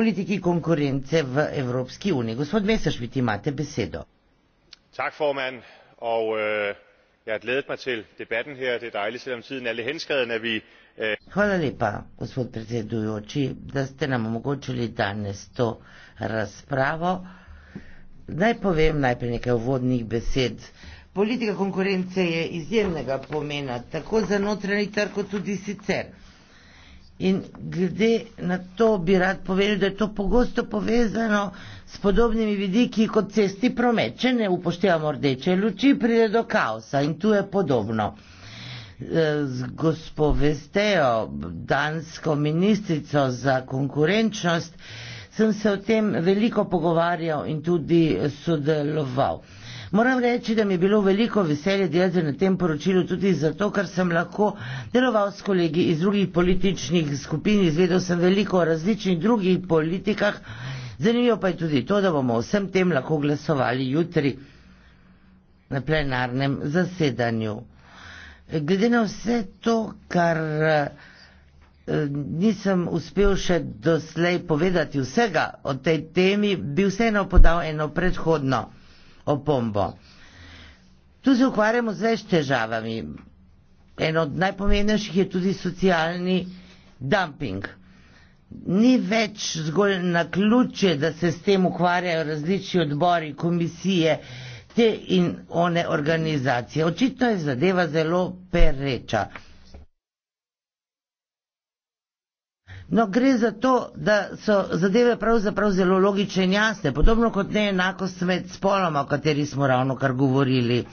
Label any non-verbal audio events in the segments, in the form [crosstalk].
politiki konkurence v evropski uniji. gospod messerschmidt imate besedo. tak formand og øh, jeg har glædet mig til debatten her det er dejligt selvom tiden er lidt henskreden at vi øh, Hvala lepa, gospod predsedujoči, da ste nam omogočili danes to razpravo. Naj povem najprej nekaj uvodnih besed. Politika konkurence je izjemnega pomena, tako za notranji trg, kot tudi sicer. In glede na to bi rad povedal, da je to pogosto povezano s podobnimi vidiki kot cesti promet. Če ne upoštevamo rdeče luči, pride do kaosa in tu je podobno. E, z gospovestejo dansko ministrico za konkurenčnost sem se o tem veliko pogovarjal in tudi sodeloval. Moram reči, da mi je bilo veliko veselje delati na tem poročilu tudi zato, ker sem lahko deloval s kolegi iz drugih političnih skupin, izvedel sem veliko o različnih drugih politikah. Zanimivo pa je tudi to, da bomo vsem tem lahko glasovali jutri na plenarnem zasedanju. Glede na vse to, kar eh, nisem uspel še doslej povedati vsega o tej temi, bi vseeno podal eno predhodno opombo. Tu se ukvarjamo z več težavami. Eno od najpomembnejših je tudi socialni dumping. Ni več zgolj na ključe, da se s tem ukvarjajo različni odbori, komisije, te in one organizacije. Očitno je zadeva zelo pereča. No, gre za to, da so zadeve pravzaprav zelo logične in jasne, podobno kot neenakost med spoloma, o kateri smo ravno kar govorili.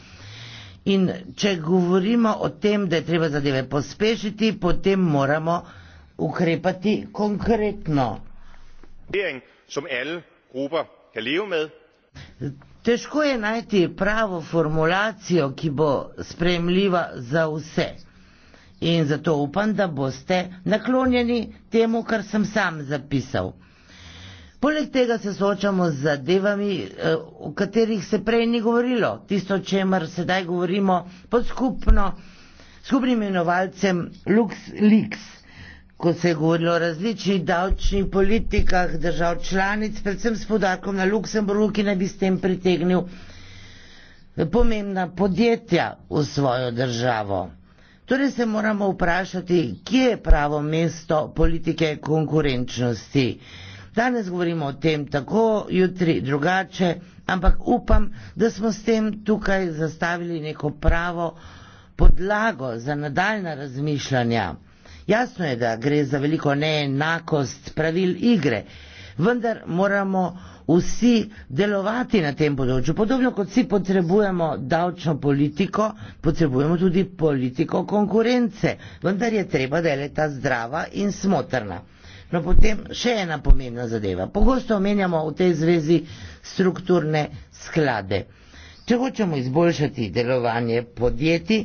In če govorimo o tem, da je treba zadeve pospešiti, potem moramo ukrepati konkretno. Težko je najti pravo formulacijo, ki bo sprejemljiva za vse. In zato upam, da boste naklonjeni temu, kar sem sam zapisal. Poleg tega se soočamo z zadevami, eh, o katerih se prej ni govorilo. Tisto, o čemer sedaj govorimo pod skupno, skupnim imenovalcem Lux Lix, ko se je govorilo o različnih davčnih politikah držav članic, predvsem s podarkom na Luksemburgu, ki naj bi s tem pritegnil pomembna podjetja v svojo državo. Torej se moramo vprašati, kje je pravo mesto politike konkurenčnosti. Danes govorimo o tem tako, jutri drugače, ampak upam, da smo s tem tukaj zastavili neko pravo podlago za nadaljna razmišljanja. Jasno je, da gre za veliko neenakost pravil igre, vendar moramo vsi delovati na tem področju. Podobno kot vsi potrebujemo davčno politiko, potrebujemo tudi politiko konkurence, vendar je treba, da je le ta zdrava in smotrna. No potem še ena pomembna zadeva. Pogosto omenjamo v tej zvezi strukturne sklade. Če hočemo izboljšati delovanje podjetij,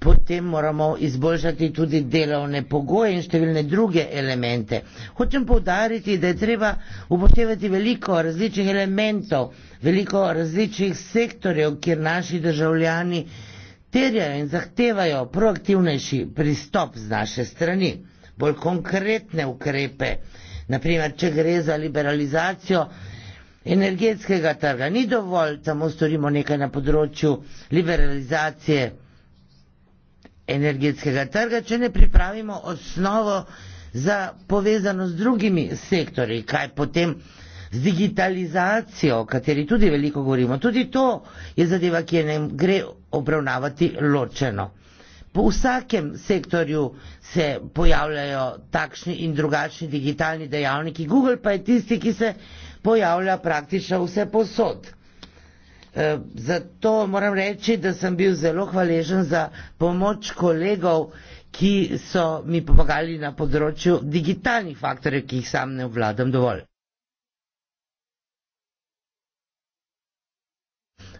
potem moramo izboljšati tudi delovne pogoje in številne druge elemente. Hočem povdariti, da je treba upoštevati veliko različnih elementov, veliko različnih sektorjev, kjer naši državljani terjajo in zahtevajo proaktivnejši pristop z naše strani, bolj konkretne ukrepe. Naprimer, če gre za liberalizacijo energetskega trga, ni dovolj, samo storimo nekaj na področju liberalizacije energetskega trga, če ne pripravimo osnovo za povezano z drugimi sektori, kaj potem z digitalizacijo, o kateri tudi veliko govorimo. Tudi to je zadeva, ki je ne gre obravnavati ločeno. Po vsakem sektorju se pojavljajo takšni in drugačni digitalni dejavniki. Google pa je tisti, ki se pojavlja praktično vse posod. Eh, zato moram reči, da sem bil zelo hvaležen za pomoč kolegov, ki so mi pomagali na področju digitalnih faktorjev, ki jih sam ne obvladam dovolj.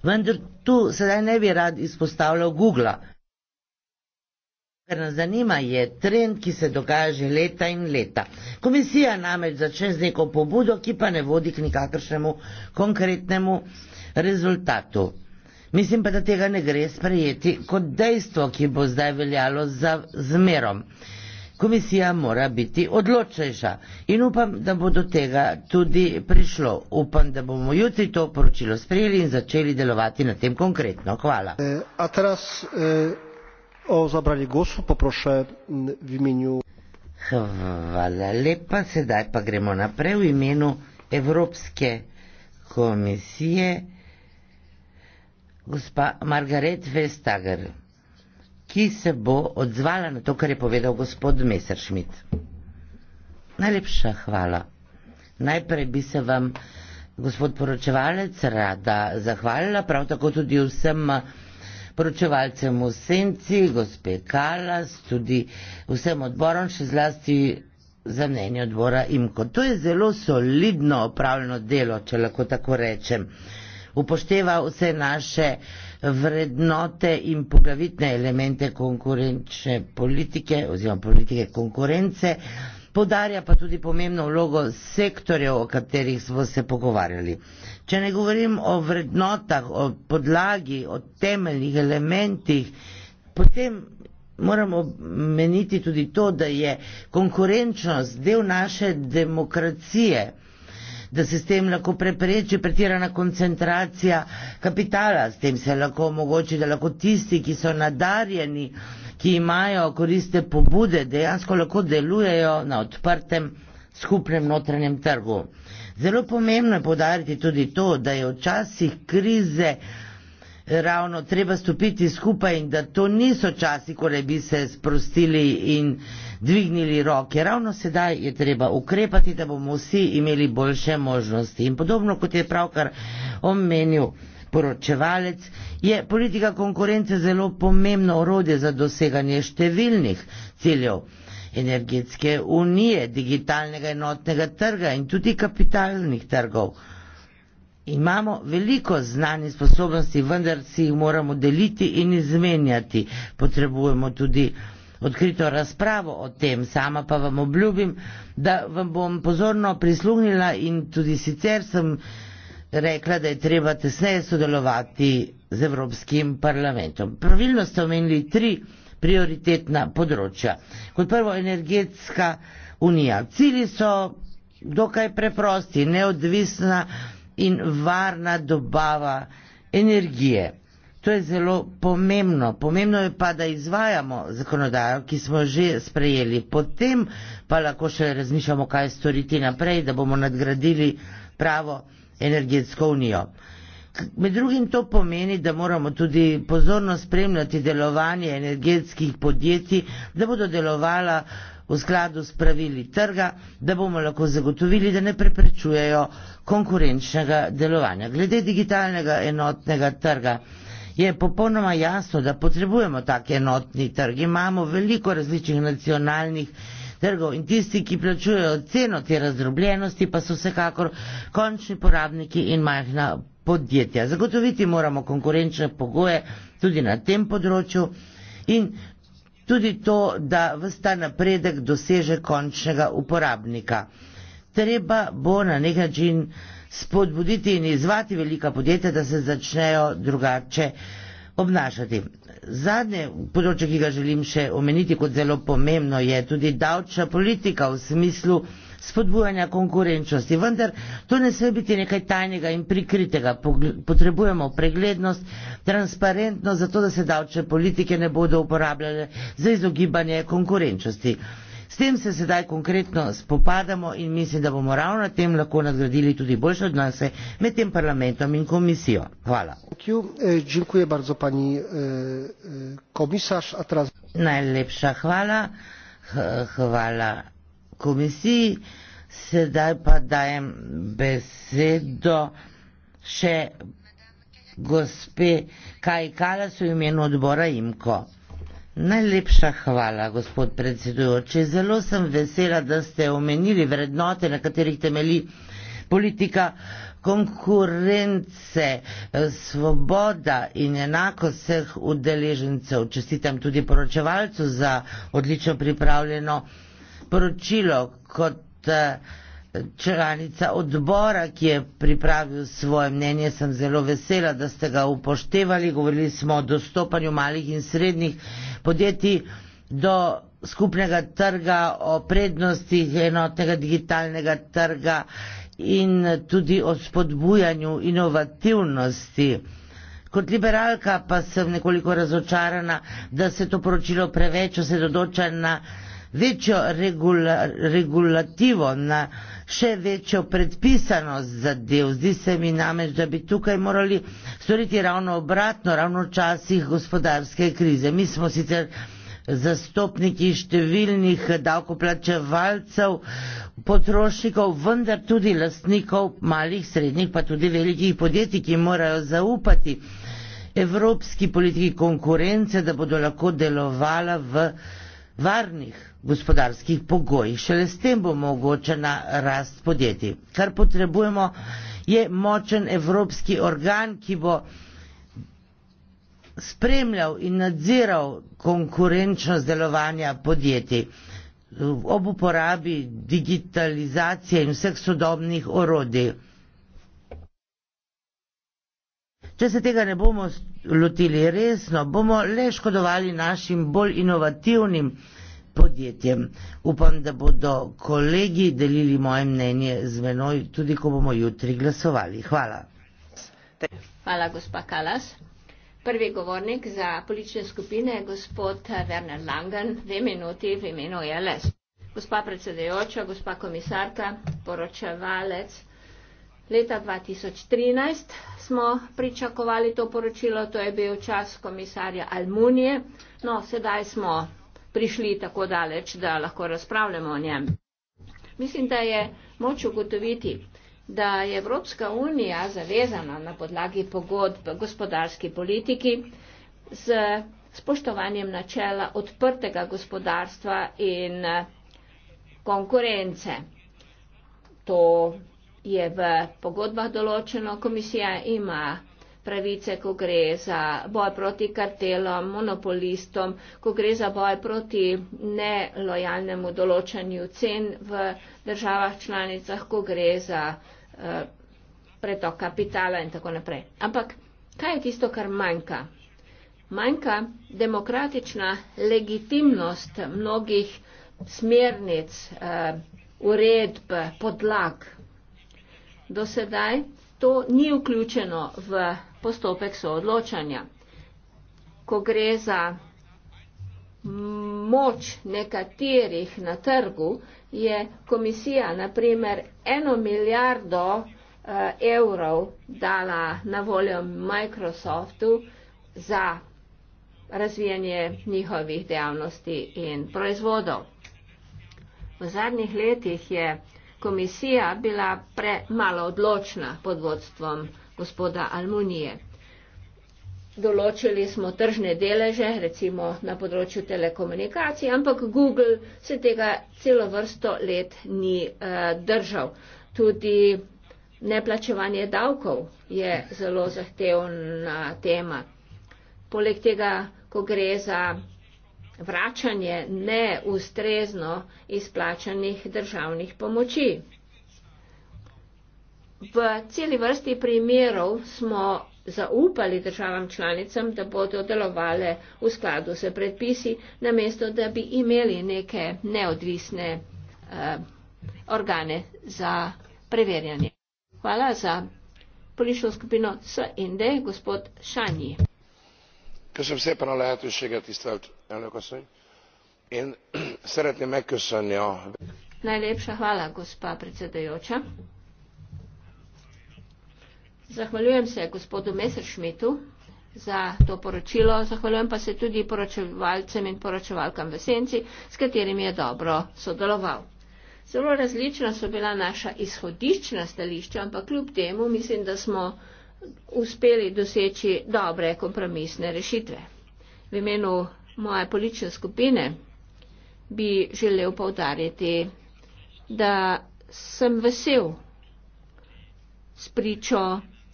Vendar tu sedaj ne bi rad izpostavljal Google. Ker nas zanima je trend, ki se dogaja že leta in leta. Komisija namreč začne z neko pobudo, ki pa ne vodi k nikakršnemu konkretnemu rezultatu. Mislim pa, da tega ne gre sprejeti kot dejstvo, ki bo zdaj veljalo za zmerom. Komisija mora biti odločnejša in upam, da bo do tega tudi prišlo. Upam, da bomo jutri to poročilo sprejeli in začeli delovati na tem konkretno. Hvala. E, a teraz e, o zabrali gosu poprošam v imenu. Hvala lepa. Sedaj pa gremo naprej v imenu Evropske komisije gospa Margaret Vestager, ki se bo odzvala na to, kar je povedal gospod Messerschmidt. Najlepša hvala. Najprej bi se vam, gospod poročevalec, rada zahvalila, prav tako tudi vsem poročevalcem v Senci, gospe Kalas, tudi vsem odborom, še zlasti za mnenje odbora Imko. To je zelo solidno opravljeno delo, če lahko tako rečem upošteva vse naše vrednote in poglavitne elemente konkurenčne politike oziroma politike konkurence, podarja pa tudi pomembno vlogo sektorjev, o katerih smo se pogovarjali. Če ne govorim o vrednotah, o podlagi, o temeljnih elementih, potem moramo meniti tudi to, da je konkurenčnost del naše demokracije da se s tem lahko prepreči pretirana koncentracija kapitala, s tem se lahko omogoči, da lahko tisti, ki so nadarjeni, ki imajo koriste pobude, dejansko lahko delujejo na odprtem skupnem notranjem trgu. Zelo pomembno je podariti tudi to, da je včasih krize ravno treba stopiti skupaj in da to niso časi, ko bi se sprostili in dvignili roke. Ravno sedaj je treba ukrepati, da bomo vsi imeli boljše možnosti. In podobno kot je pravkar omenil poročevalec, je politika konkurence zelo pomembno orodje za doseganje številnih ciljev energetske unije, digitalnega enotnega trga in tudi kapitalnih trgov. Imamo veliko znanj in sposobnosti, vendar si jih moramo deliti in izmenjati. Potrebujemo tudi odkrito razpravo o tem. Sama pa vam obljubim, da vam bom pozorno prisluhnila in tudi sicer sem rekla, da je treba tesneje sodelovati z Evropskim parlamentom. Pravilno ste omenili tri prioritetna področja. Kot prvo, energetska unija. Cili so dokaj preprosti, neodvisna in varna dobava energije. To je zelo pomembno. Pomembno je pa, da izvajamo zakonodajo, ki smo že sprejeli. Potem pa lahko še razmišljamo, kaj storiti naprej, da bomo nadgradili pravo energetsko unijo. Med drugim to pomeni, da moramo tudi pozorno spremljati delovanje energetskih podjetij, da bodo delovala v skladu s pravili trga, da bomo lahko zagotovili, da ne preprečujejo konkurenčnega delovanja. Glede digitalnega enotnega trga je popolnoma jasno, da potrebujemo tak enotni trg. Imamo veliko različnih nacionalnih trgov in tisti, ki plačujejo ceno te razdrobljenosti, pa so vsekakor končni porabniki in majhna podjetja. Zagotoviti moramo konkurenčne pogoje tudi na tem področju. In tudi to, da vsta napredek doseže končnega uporabnika. Treba bo na nek način spodbuditi in izvati velika podjetja, da se začnejo drugače obnašati. Zadnje področje, ki ga želim še omeniti kot zelo pomembno, je tudi davčna politika v smislu, spodbujanja konkurenčnosti. Vendar to ne sme biti nekaj tajnega in prikritega. Potrebujemo preglednost, transparentnost, zato da se davčne politike ne bodo uporabljale za izogibanje konkurenčnosti. S tem se sedaj konkretno spopadamo in mislim, da bomo ravno na tem lahko nadgradili tudi boljše odnose med tem parlamentom in komisijo. Hvala. Najlepša hvala. Hvala komisiji, sedaj pa dajem besedo še gospe Kaj Kalas v imenu odbora Imko. Najlepša hvala, gospod predsedujoči. Zelo sem vesela, da ste omenili vrednote, na katerih temeli politika konkurence, svoboda in enako vseh udeležencev. Čestitam tudi poročevalcu za odlično pripravljeno sporočilo kot eh, članica odbora, ki je pripravil svoje mnenje. Sem zelo vesela, da ste ga upoštevali. Govorili smo o dostopanju malih in srednjih podjetij do skupnega trga, o prednostih enotnega digitalnega trga in tudi o spodbujanju inovativnosti. Kot liberalka pa sem nekoliko razočarana, da se to poročilo preveč osredotoča na večjo regula, regulativo, na še večjo predpisanost zadev. Zdi se mi namreč, da bi tukaj morali storiti ravno obratno, ravno v časih gospodarske krize. Mi smo sicer zastopniki številnih davkoplačevalcev, potrošnikov, vendar tudi lastnikov malih, srednjih, pa tudi velikih podjetij, ki morajo zaupati evropski politiki konkurence, da bodo lahko delovala v varnih gospodarskih pogojih. Šele s tem bo mogočena rast podjetij. Kar potrebujemo je močen evropski organ, ki bo spremljal in nadziral konkurenčnost delovanja podjetij ob uporabi digitalizacije in vseh sodobnih orodij. Če se tega ne bomo lotili resno, bomo le škodovali našim bolj inovativnim podjetjem. Upam, da bodo kolegi delili moje mnenje z menoj, tudi ko bomo jutri glasovali. Hvala. Hvala, gospa Kalas. Prvi govornik za politične skupine je gospod Werner Langen, dve minuti v imenu e LS. Gospa predsedujoča, gospa komisarka, poročevalec. Leta 2013 smo pričakovali to poročilo, to je bil čas komisarja Almunije. No, sedaj smo prišli tako daleč, da lahko razpravljamo o njem. Mislim, da je moč ugotoviti, da je Evropska unija zavezana na podlagi pogodb gospodarski politiki z spoštovanjem načela odprtega gospodarstva in konkurence. To je v pogodbah določeno, komisija ima pravice, ko gre za boj proti kartelom, monopolistom, ko gre za boj proti nelojalnemu določanju cen v državah članicah, ko gre za eh, pretok kapitala in tako naprej. Ampak kaj je tisto, kar manjka? Manjka demokratična legitimnost mnogih smernic, eh, uredb, podlag do sedaj to ni vključeno v postopek soodločanja. Ko gre za moč nekaterih na trgu, je komisija naprimer eno milijardo eh, evrov dala na voljo Microsoftu za razvijanje njihovih dejavnosti in proizvodov. V zadnjih letih je komisija bila premalo odločna pod vodstvom gospoda Almunije. Določili smo tržne deleže, recimo na področju telekomunikacij, ampak Google se tega celo vrsto let ni eh, držal. Tudi neplačevanje davkov je zelo zahtevna tema. Poleg tega, ko gre za vračanje neustrezno izplačanih državnih pomoči. V celi vrsti primerov smo zaupali državam članicam, da bodo delovale v skladu s predpisi, namesto da bi imeli neke neodvisne eh, organe za preverjanje. Hvala za politično skupino SND, gospod Šanji. Kaj sem vse pa na lajatu še ga tistelt? elnök asszony én [clears throat] szeretném megköszönni a najlepša hvala gospa predsedujoča zahvaljujem se gospodu messerschmidtu za to poročilo zahvaljujem pa se tudi poročevalcem in poročevalkam v senci s katerimi je dobro sodeloval zelo različna so bila naša izhodiščna stališča ampak kljub temu mislim da smo uspeli doseči dobre kompromisne rešitve v imenu moje politične skupine, bi želel povdariti, da sem vesel s pričo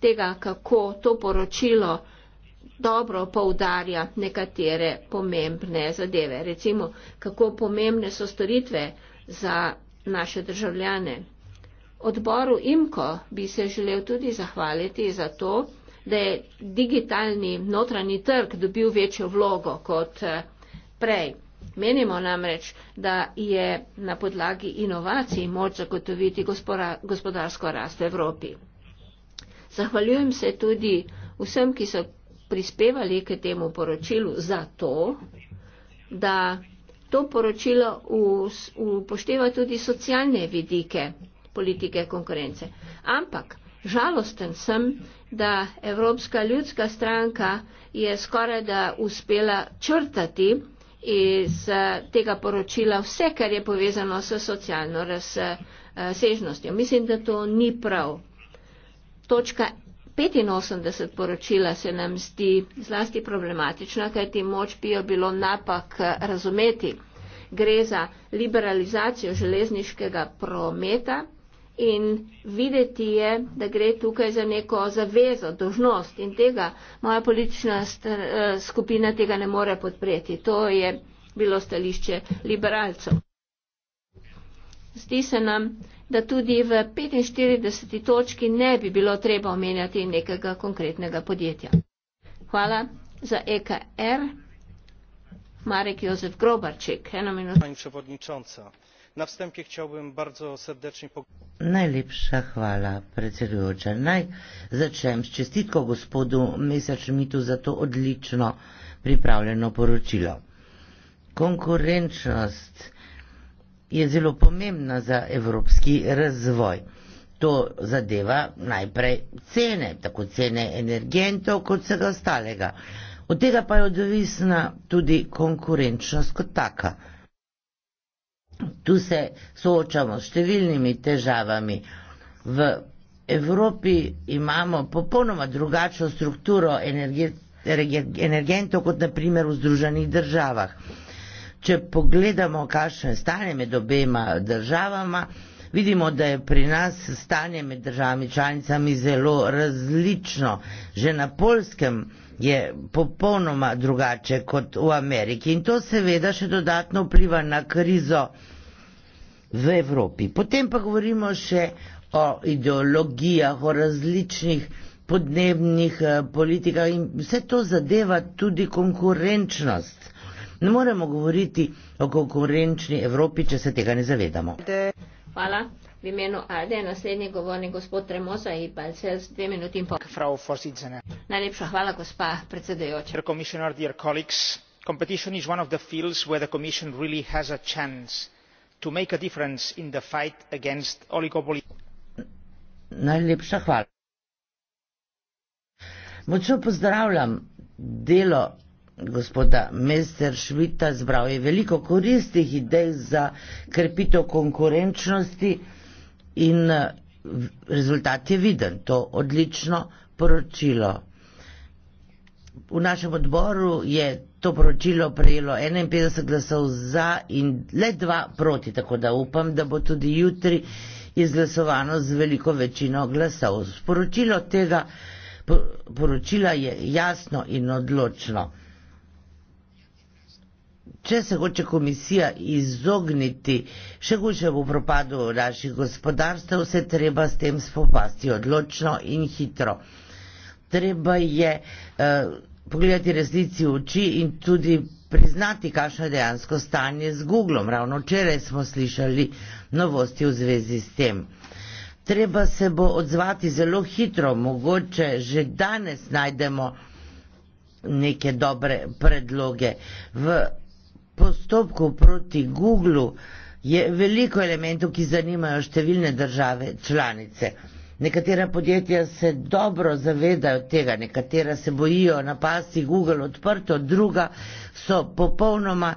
tega, kako to poročilo dobro povdarja nekatere pomembne zadeve. Recimo, kako pomembne so storitve za naše državljane. Odboru IMKO bi se želel tudi zahvaliti za to, da je digitalni notranji trg dobil večjo vlogo kot eh, prej. Menimo namreč, da je na podlagi inovacij moč zagotoviti gospodarsko rast v Evropi. Zahvaljujem se tudi vsem, ki so prispevali k temu poročilu za to, da to poročilo upošteva tudi socialne vidike politike konkurence. Ampak žalosten sem, da Evropska ljudska stranka je skoraj da uspela črtati iz eh, tega poročila vse, kar je povezano s socialno razsežnostjo. Mislim, da to ni prav. Točka 85 poročila se nam zdi zlasti problematična, kajti moč bi jo bilo napak eh, razumeti. Gre za liberalizacijo železniškega prometa in videti je, da gre tukaj za neko zavezo, dožnost in tega moja politična eh, skupina tega ne more podpreti. To je bilo stališče liberalcev. Zdi se nam, da tudi v 45. točki ne bi bilo treba omenjati nekega konkretnega podjetja. Hvala za EKR. Marek Jozef Grobarček, eno minuto na wstępie chciałbym bardzo serdecznie najlepsza chwała prezydenta naj zacząłem z czystitką gospodu Messerschmittu za to odlično pripravljeno poročilo konkurenčnost je zelo pomembna za evropski razvoj. To zadeva najprej cene, tako cene energentov kot vsega ostalega. Od tega pa je odvisna tudi konkurenčnost kot taka. Tu se soočamo s številnimi težavami. V Evropi imamo popolnoma drugačno strukturo energentov kot naprimer v Združenih državah. Če pogledamo, kakšno je stanje med obema državama, vidimo, da je pri nas stanje med državami članicami zelo različno. Že na polskem je popolnoma drugače kot v Ameriki in to seveda še dodatno vpliva na krizo v Evropi. Potem pa govorimo še o ideologijah, o različnih podnebnih eh, politikah in vse to zadeva tudi konkurenčnost. Ne moremo govoriti o konkurenčni Evropi, če se tega ne zavedamo. Hvala v imenu Alde, naslednji govornik gospod Tremosa in Balcel s dve minuti in pol. Najlepša hvala, gospa predsedujoča. To make a difference in the fight against oligopoly. Najlepša hvala. Močno pozdravljam delo gospoda Mester Švita, zbral je veliko koristih idej za krepitev konkurenčnosti. In eh, rezultat je viden, to odlično poročilo. V našem odboru je to poročilo prejelo 51 glasov za in le dva proti, tako da upam, da bo tudi jutri izglasovano z veliko večino glasov. Sporočilo tega poročila je jasno in odločno. Če se hoče komisija izogniti še hujšemu propadu naših gospodarstev, se treba s tem spopasti odločno in hitro. Treba je eh, pogledati resnici v oči in tudi priznati, kakšno je dejansko stanje z Googlom. Ravno včeraj smo slišali novosti v zvezi s tem. Treba se bo odzvati zelo hitro, mogoče že danes najdemo neke dobre predloge. V postopku proti Google je veliko elementov, ki zanimajo številne države članice. Nekatera podjetja se dobro zavedajo tega, nekatera se bojijo napasti Google odprto, druga so popolnoma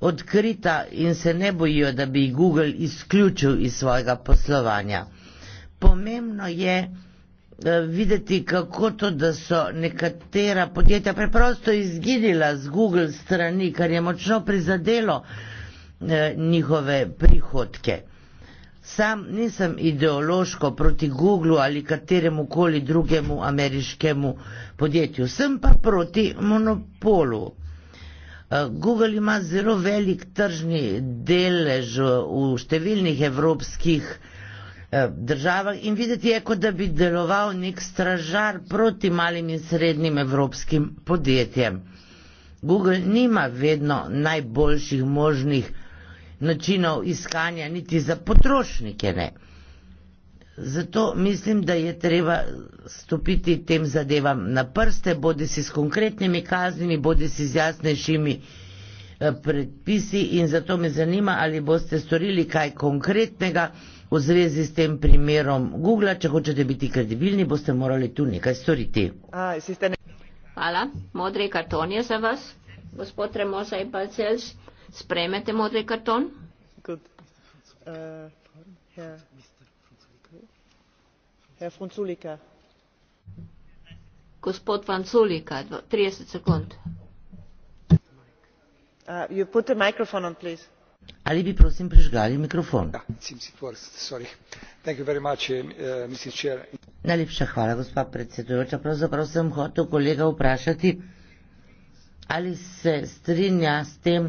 odkrita in se ne bojijo, da bi Google izključil iz svojega poslovanja. Pomembno je, Eh, videti, kako to, da so nekatera podjetja preprosto izginila z Google strani, kar je močno prizadelo eh, njihove prihodke. Sam nisem ideološko proti Googlu ali kateremu koli drugemu ameriškemu podjetju, sem pa proti monopolu. Eh, Google ima zelo velik tržni delež v številnih evropskih podjetjih, Eh, državah in videti je, kot da bi deloval nek stražar proti malim in srednjim evropskim podjetjem. Google nima vedno najboljših možnih načinov iskanja, niti za potrošnike ne. Zato mislim, da je treba stopiti tem zadevam na prste, bodi si s konkretnimi kaznimi, bodi si z jasnejšimi eh, predpisi in zato me zanima, ali boste storili kaj konkretnega v zvezi s tem primerom Google, če hočete biti kredibilni, boste morali tu nekaj storiti. Hvala. Modri karton je za vas. Gospod Remosa in Balcels, sprejmete modri karton? Uh, Gospod Vanculika, 30 sekund. Uh, you put the microphone on, please. Ali bi prosim prižgali mikrofon? Ja, eh, Najlepša hvala, gospa predsedujoča. Pravzaprav sem hotel kolega vprašati, ali se strinja s tem,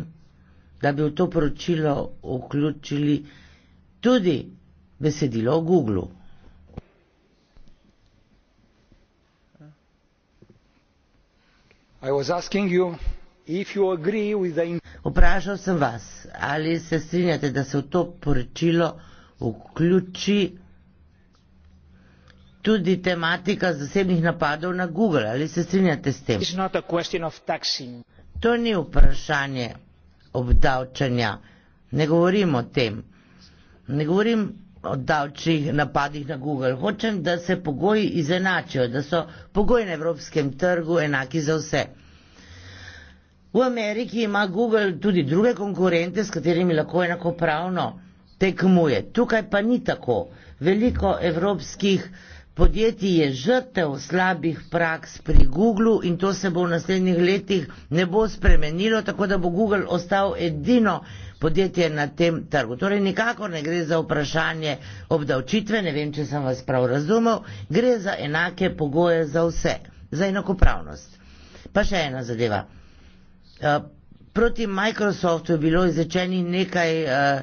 da bi v to poročilo vključili tudi besedilo o Google. I was asking you Vprašal sem vas, ali se strinjate, da se v to poročilo vključi tudi tematika zasebnih napadov na Google. Ali se strinjate s tem? To ni vprašanje obdavčanja. Ne govorim o tem. Ne govorim o davčnih napadih na Google. Hočem, da se pogoji izenačijo, da so pogoji na evropskem trgu enaki za vse. V Ameriki ima Google tudi druge konkurente, s katerimi lahko enakopravno tekmuje. Tukaj pa ni tako. Veliko evropskih podjetij je žrtev slabih praks pri Google in to se bo v naslednjih letih ne bo spremenilo, tako da bo Google ostal edino podjetje na tem trgu. Torej nikakor ne gre za vprašanje obdavčitve, ne vem, če sem vas prav razumel, gre za enake pogoje za vse, za enakopravnost. Pa še ena zadeva. Eh, proti Microsoftu je bilo izrečeni nekaj eh,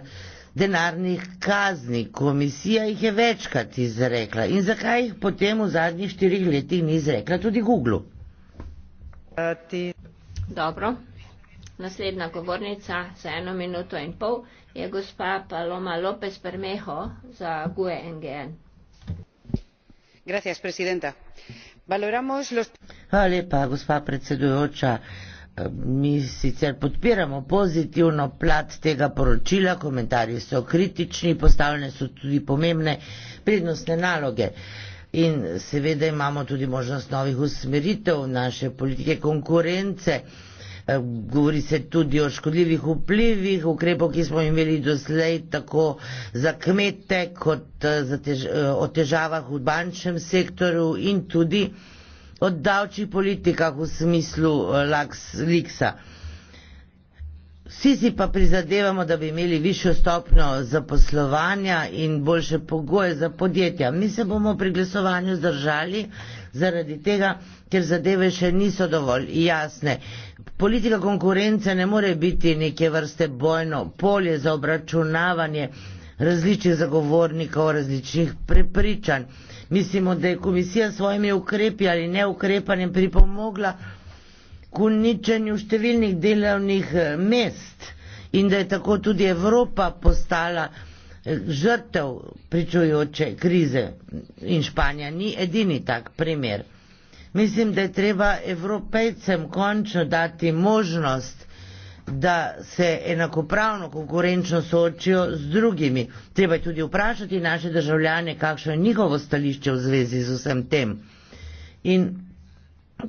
denarnih kazni. Komisija jih je večkrat izrekla. In zakaj jih potem v zadnjih štirih letih ni izrekla tudi Google? Ti... Dobro. Naslednja govornica za eno minuto in pol je gospa Paloma López Permejo za GUE-NGN. Gracias, presidenta. Valoramos los. Hvala lepa, gospa predsedujoča. Uh, mi sicer podpiramo pozitivno plat tega poročila, komentarji so kritični, postavljene so tudi pomembne prednostne naloge. In seveda imamo tudi možnost novih usmeritev naše politike konkurence. Eh, govori se tudi o škodljivih vplivih, ukrepov, ki smo imeli doslej tako za kmete kot eh, za tež, eh, o težavah v bančnem sektoru in tudi o davčnih politikah v smislu eh, Liksa. Vsi si pa prizadevamo, da bi imeli višjo stopno zaposlovanja in boljše pogoje za podjetja. Mi se bomo pri glasovanju zdržali zaradi tega, ker zadeve še niso dovolj jasne. Politika konkurence ne more biti neke vrste bojno polje za obračunavanje različnih zagovornikov, različnih prepričanj mislimo, da je komisija s svojimi ukrepi ali neukrepanjem pripomogla k uničenju številnih delovnih eh, mest in da je tako tudi Evropa postala eh, žrtev pričujoče krize in Španija ni edini tak primer. Mislim, da je treba evropejcem končno dati možnost, da se enakopravno konkurenčno soočijo z drugimi. Treba je tudi vprašati naše državljane, kakšno je njihovo stališče v zvezi z vsem tem. In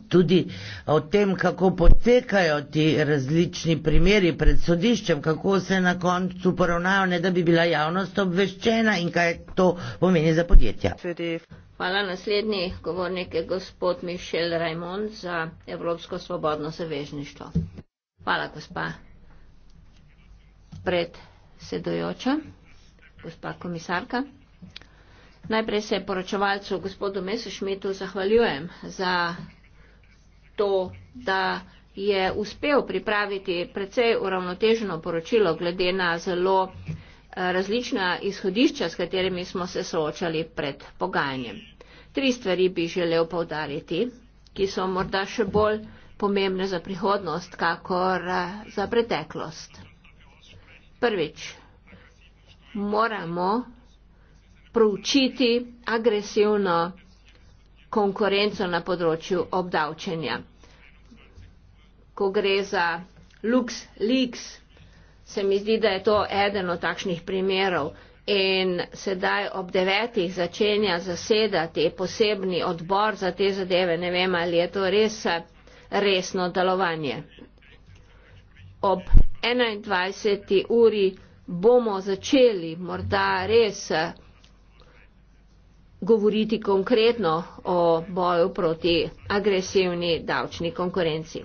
tudi o tem, kako potekajo ti različni primeri pred sodiščem, kako se na koncu poravnajo, ne da bi bila javnost obveščena in kaj to pomeni za podjetja. Hvala naslednji govornik je gospod Mišel Rajmon za Evropsko svobodno zavežništvo. Hvala, gospa predsedojoča, gospa komisarka. Najprej se poročevalcu gospodu Mesošmitu zahvaljujem za to, da je uspel pripraviti precej uravnoteženo poročilo glede na zelo eh, različna izhodišča, s katerimi smo se soočali pred pogajanjem. Tri stvari bi želel povdariti, ki so morda še bolj pomembne za prihodnost, kakor eh, za preteklost. Prvič, moramo proučiti agresivno konkurenco na področju obdavčenja. Ko gre za lux leaks, se mi zdi, da je to eden od takšnih primerov in sedaj ob devetih začenja zasedati posebni odbor za te zadeve. Ne vem, ali je to res eh, resno delovanje. Ob 21. uri bomo začeli morda res eh, govoriti konkretno o boju proti agresivni davčni konkurenci.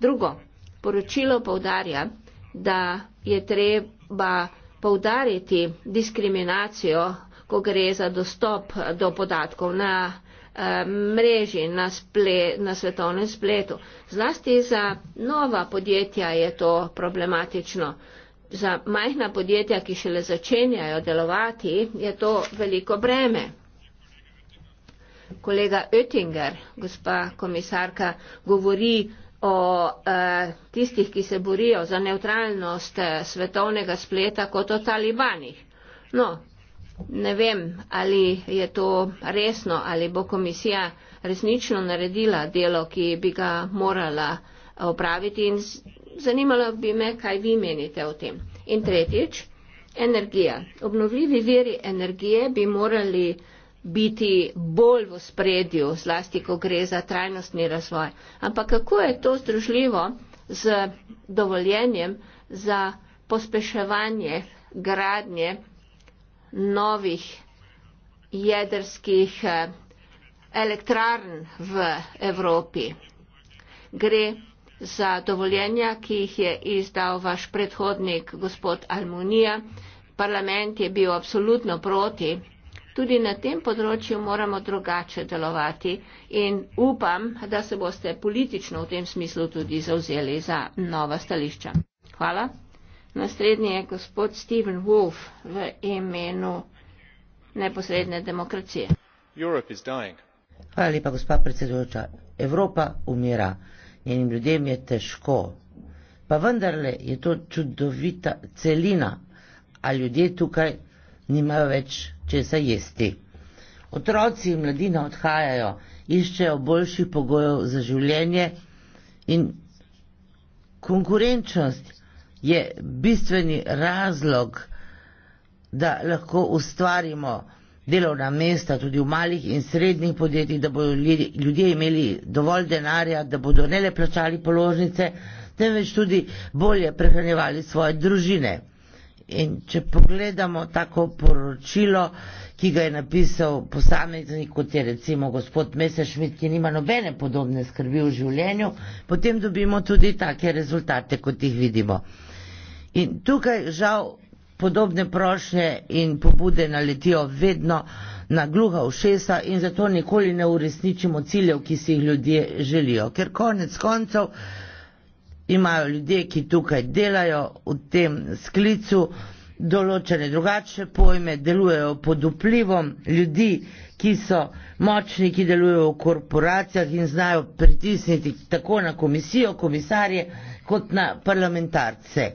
Drugo, poročilo povdarja, da je treba povdariti diskriminacijo, ko gre za dostop do podatkov na Eh, mreži na, sple, na svetovnem spletu. Zlasti za nova podjetja je to problematično. Za majhna podjetja, ki šele začenjajo delovati, je to veliko breme. Kolega Oettinger, gospa komisarka, govori o eh, tistih, ki se borijo za neutralnost eh, svetovnega spleta kot o talibanih. No, ne vem, ali je to resno, ali bo komisija resnično naredila delo, ki bi ga morala opraviti in zanimalo bi me, kaj vi menite o tem. In tretjič, energija. Obnovljivi viri energije bi morali biti bolj v spredju, zlasti, ko gre za trajnostni razvoj. Ampak kako je to združljivo z dovoljenjem za pospeševanje gradnje novih jedrskih eh, elektrarn v Evropi. Gre za dovoljenja, ki jih je izdal vaš predhodnik, gospod Almunija. Parlament je bil absolutno proti. Tudi na tem področju moramo drugače delovati in upam, da se boste politično v tem smislu tudi zauzeli za nova stališča. Hvala. Naslednji je gospod Stephen Wolf v imenu neposredne demokracije. Hvala lepa, gospa predsedujoča. Evropa umira, njenim ljudem je težko. Pa vendarle je to čudovita celina, a ljudje tukaj nimajo več česa jesti. Otroci in mladina odhajajo, iščejo boljših pogojev za življenje in konkurenčnost je bistveni razlog, da lahko ustvarimo delovna mesta tudi v malih in srednjih podjetjih, da bodo ljudje imeli dovolj denarja, da bodo ne le plačali položnice, temveč tudi bolje prehranjevali svoje družine. In če pogledamo tako poročilo, ki ga je napisal posameznik, kot je recimo gospod Mesešmit, ki nima nobene podobne skrbi v življenju, potem dobimo tudi take rezultate, kot jih vidimo. In tukaj žal podobne prošnje in pobude naletijo vedno na gluha ušesa in zato nikoli ne uresničimo ciljev, ki si jih ljudje želijo. Ker konec koncev imajo ljudje, ki tukaj delajo v tem sklicu, določene drugačne pojme, delujejo pod vplivom ljudi, ki so močni, ki delujejo v korporacijah in znajo pritisniti tako na komisijo, komisarje, kot na parlamentarce.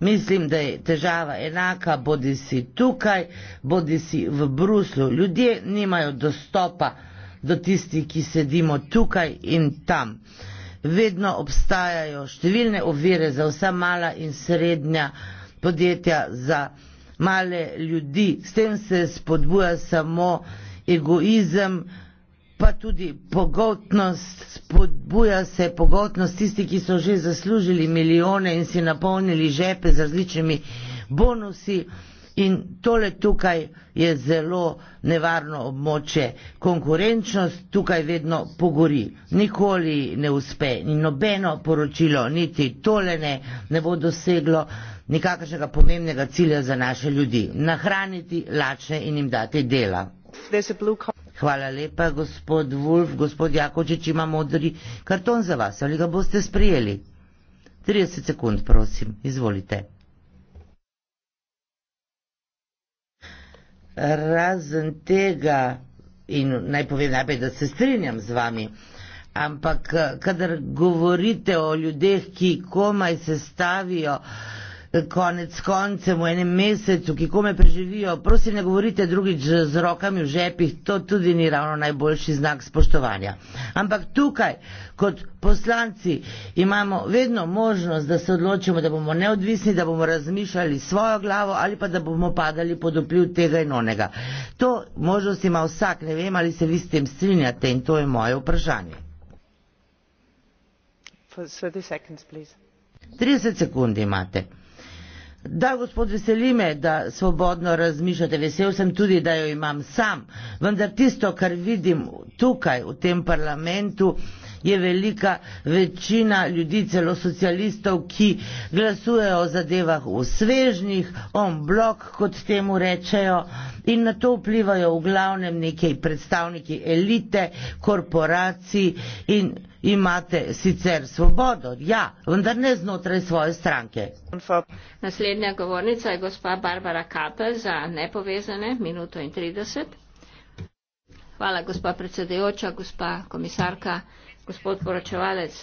Mislim, da je težava enaka, bodi si tukaj, bodi si v Bruslu. Ljudje nimajo dostopa do tistih, ki sedimo tukaj in tam. Vedno obstajajo številne ovire za vsa mala in srednja podjetja, za male ljudi. S tem se spodbuja samo egoizem pa tudi pogotnost, spodbuja se pogotnost tistih, ki so že zaslužili milijone in si napolnili žepe z različnimi bonusi. In tole tukaj je zelo nevarno območje. Konkurenčnost tukaj vedno pogori. Nikoli ne uspe. Nobeno poročilo, niti tole ne, ne bo doseglo nikakršnega pomembnega cilja za naše ljudi. Nahraniti lačne in jim dati dela. Hvala lepa, gospod Wolf, gospod Jakočič ima modri karton za vas, ali ga boste sprijeli? 30 sekund, prosim, izvolite. Razen tega, in naj povem najprej, da se strinjam z vami, ampak kadar govorite o ljudeh, ki komaj se stavijo, konec koncev v enem mesecu, ki kome preživijo, prosim, ne govorite drugič z rokami v žepih, to tudi ni ravno najboljši znak spoštovanja. Ampak tukaj, kot poslanci, imamo vedno možnost, da se odločimo, da bomo neodvisni, da bomo razmišljali svojo glavo ali pa da bomo padali pod vpliv tega in onega. To možnost ima vsak, ne vem, ali se vi s tem strinjate in to je moje vprašanje. 30 sekund imate. Da, gospod, veseli me, da svobodno razmišljate. Vesel sem tudi, da jo imam sam. Vendar tisto, kar vidim tukaj v tem parlamentu, je velika večina ljudi, celo socialistov, ki glasujejo o zadevah v svežnih, on blok, kot temu rečejo, in na to vplivajo v glavnem nekaj predstavniki elite, korporacij in imate sicer svobodo, ja, vendar ne znotraj svoje stranke. Naslednja govornica je gospa Barbara Kapel za nepovezane, minuto in trideset. Hvala, gospa predsedujoča, gospa komisarka. Gospod poročevalec,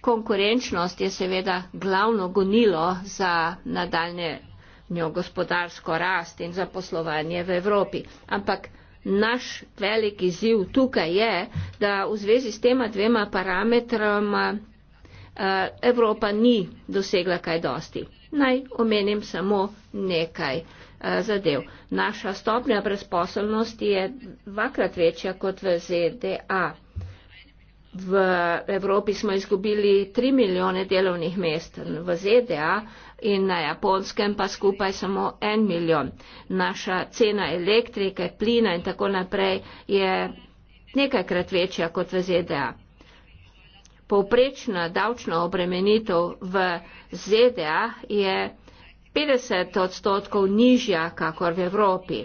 konkurenčnost je seveda glavno gonilo za nadaljnjo gospodarsko rast in zaposlovanje v Evropi. Ampak naš velik izziv tukaj je, da v zvezi s tema dvema parametroma eh, Evropa ni dosegla kaj dosti. Naj omenim samo nekaj eh, zadev. Naša stopnja brezposobnosti je dvakrat večja kot v ZDA v Evropi smo izgubili 3 milijone delovnih mest, v ZDA in na japonskem pa skupaj samo 1 milijon. Naša cena elektrike, plina in tako naprej je nekajkrat večja kot v ZDA. Povprečna davčna obremenitev v ZDA je 50 odstotkov nižja kakor v Evropi.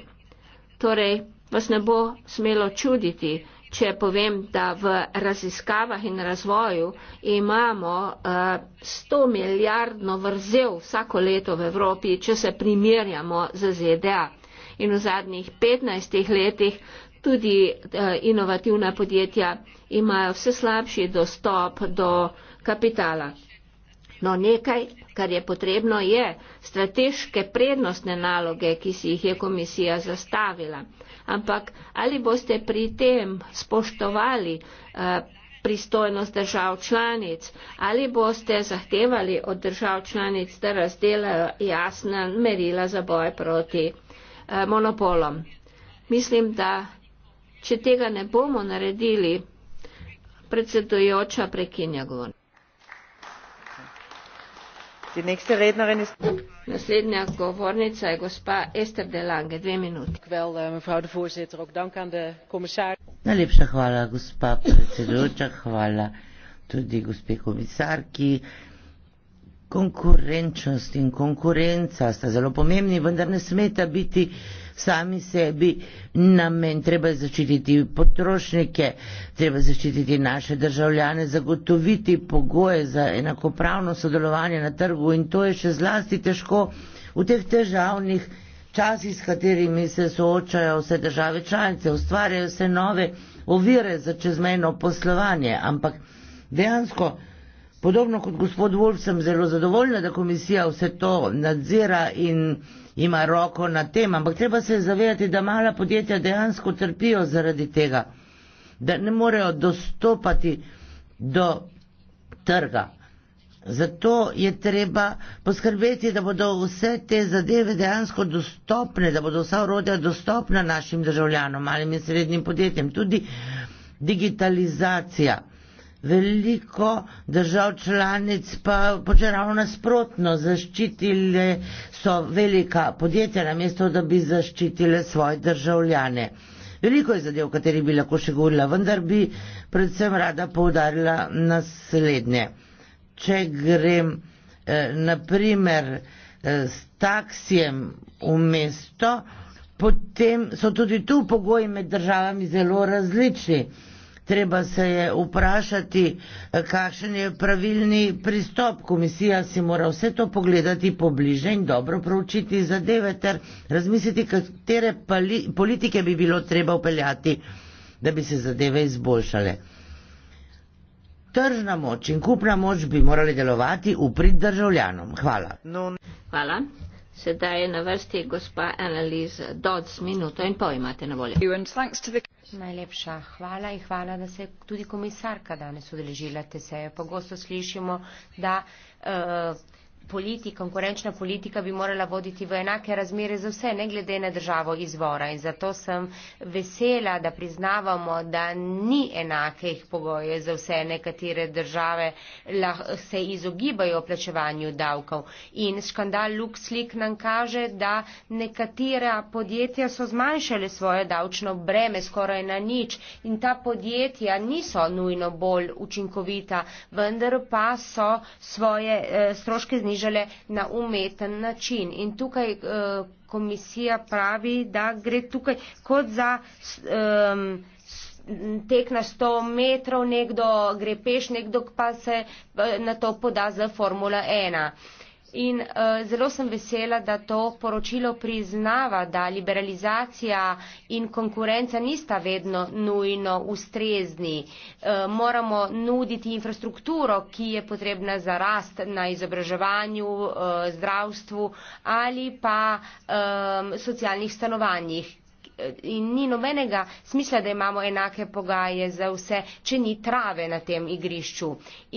Torej, vas ne bo smelo čuditi, Če povem, da v raziskavah in razvoju imamo 100 eh, milijardno vrzel vsako leto v Evropi, če se primerjamo z ZDA. In v zadnjih 15 letih tudi eh, inovativna podjetja imajo vse slabši dostop do kapitala. No, nekaj, kar je potrebno, je strateške prednostne naloge, ki si jih je komisija zastavila. Ampak ali boste pri tem spoštovali uh, pristojnost držav članic, ali boste zahtevali od držav članic, da razdelajo jasna merila za boj proti uh, monopolom. Mislim, da če tega ne bomo naredili, predsedujoča prekinja govornika. Naslednja govornica je gospa Ester de Lange, dve minuti. Eh, Najlepša hvala, gospa predsedujoča, hvala tudi gospe komisarki. Konkurenčnost in konkurenca sta zelo pomembni, vendar ne smeta biti sami sebi namen. Treba zaščititi potrošnike, treba zaščititi naše državljane, zagotoviti pogoje za enakopravno sodelovanje na trgu in to je še zlasti težko v teh težavnih časih, s katerimi se soočajo vse države članice, ustvarjajo se nove ovire za čezmejno poslovanje, ampak dejansko Podobno kot gospod Wolf sem zelo zadovoljna, da komisija vse to nadzira in ima roko na tem, ampak treba se zavedati, da mala podjetja dejansko trpijo zaradi tega, da ne morejo dostopati do trga. Zato je treba poskrbeti, da bodo vse te zadeve dejansko dostopne, da bodo vsa urodja dostopna našim državljanom, malim in srednjim podjetjem. Tudi digitalizacija veliko držav članic pa počne ravno nasprotno, zaščitile so velika podjetja, namesto da bi zaščitile svoje državljane. Veliko je zadev, o kateri bi lahko še govorila, vendar bi predvsem rada poudarila naslednje. Če grem eh, naprimer eh, s taksijem v mesto, potem so tudi tu pogoji med državami zelo različni treba se je vprašati, eh, kakšen je pravilni pristop. Komisija si mora vse to pogledati pobliže in dobro proučiti zadeve ter razmisliti, katere pali, politike bi bilo treba upeljati, da bi se zadeve izboljšale. Tržna moč in kupna moč bi morali delovati v prid državljanom. Hvala. Hvala. Sedaj je na vrsti gospa Analiza Dodd z minuto in pol imate na voljo. Najlepša hvala in hvala, da se je tudi komisarka danes odrežila te seje. Pogosto slišimo, da uh, politika, konkurenčna politika bi morala voditi v enake razmere za vse, ne glede na državo izvora. In zato sem vesela, da priznavamo, da ni enakih pogojev za vse. Nekatere države se izogibajo plačevanju davkov. In škandal LuxLeak nam kaže, da nekatera podjetja so zmanjšale svoje davčno breme skoraj na nič. In ta podjetja niso nujno bolj učinkovita, vendar pa so svoje e, stroške znižali znižale na umeten način. In tukaj uh, komisija pravi, da gre tukaj kot za. Um, tek na 100 metrov, nekdo gre peš, nekdo pa se eh, na to poda za Formula 1. Uh, In uh, zelo sem vesela, da to poročilo priznava, da liberalizacija in konkurenca nista vedno nujno ustrezni. Uh, moramo nuditi infrastrukturo, ki je potrebna za rast na izobraževanju, uh, zdravstvu ali pa um, socialnih stanovanjih, in ni nobenega smisla, da imamo enake pogaje za vse, če ni trave na tem igrišču.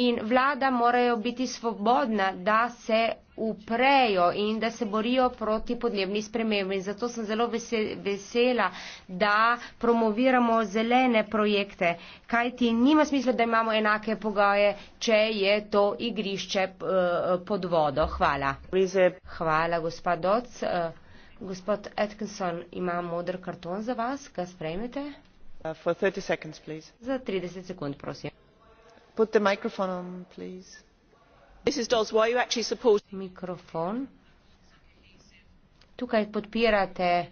In vlada morajo biti svobodna, da se uprejo in da se borijo proti podnebni spremembi. In zato sem zelo vesela, da promoviramo zelene projekte, kajti nima smisla, da imamo enake pogoje, če je to igrišče eh, pod vodo. Hvala. Hvala, gospod Doc. Eh, Gospod Atkinson, imam modr karton za vas, ga sprejmete? Uh, seconds, za 30 sekund, prosim. Put the microphone on, please. Mrs. Dawes, why are you actually supposed... Mikrofon. Tukaj podpirate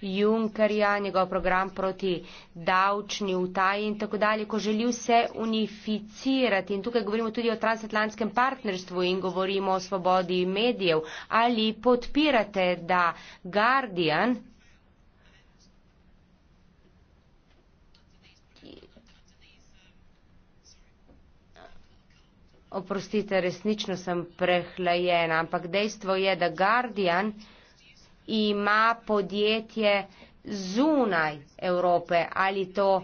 Junkerja, njegov program proti davčni utaji in tako dalje, ko želi vse unificirati. In tukaj govorimo tudi o transatlantskem partnerstvu in govorimo o svobodi medijev. Ali podpirate, da Guardian Oprostite, resnično sem prehlajena, ampak dejstvo je, da Guardian ima podjetje zunaj Evrope, ali to uh,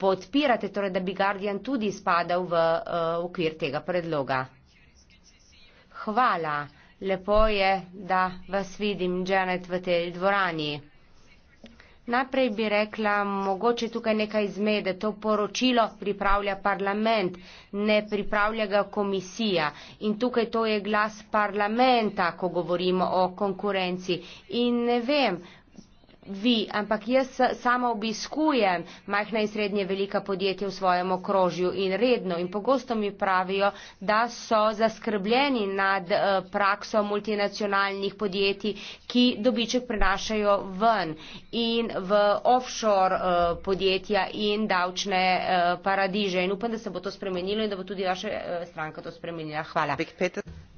podpirate, torej da bi Guardian tudi spadal v uh, okvir tega predloga. Hvala. Lepo je, da vas vidim, Janet, v tej dvorani. Najprej bi rekla, mogoče tukaj nekaj zmede. To poročilo pripravlja parlament, ne pripravlja ga komisija. In tukaj to je glas parlamenta, ko govorimo o konkurenci. In ne vem, vi, ampak jaz sama obiskujem majhna in srednje velika podjetja v svojem okrožju in redno in pogosto mi pravijo, da so zaskrbljeni nad eh, prakso multinacionalnih podjetij, ki dobiček prenašajo ven in v offshore eh, podjetja in davčne eh, paradiže. In upam, da se bo to spremenilo in da bo tudi vaša stranka to spremenila. Hvala.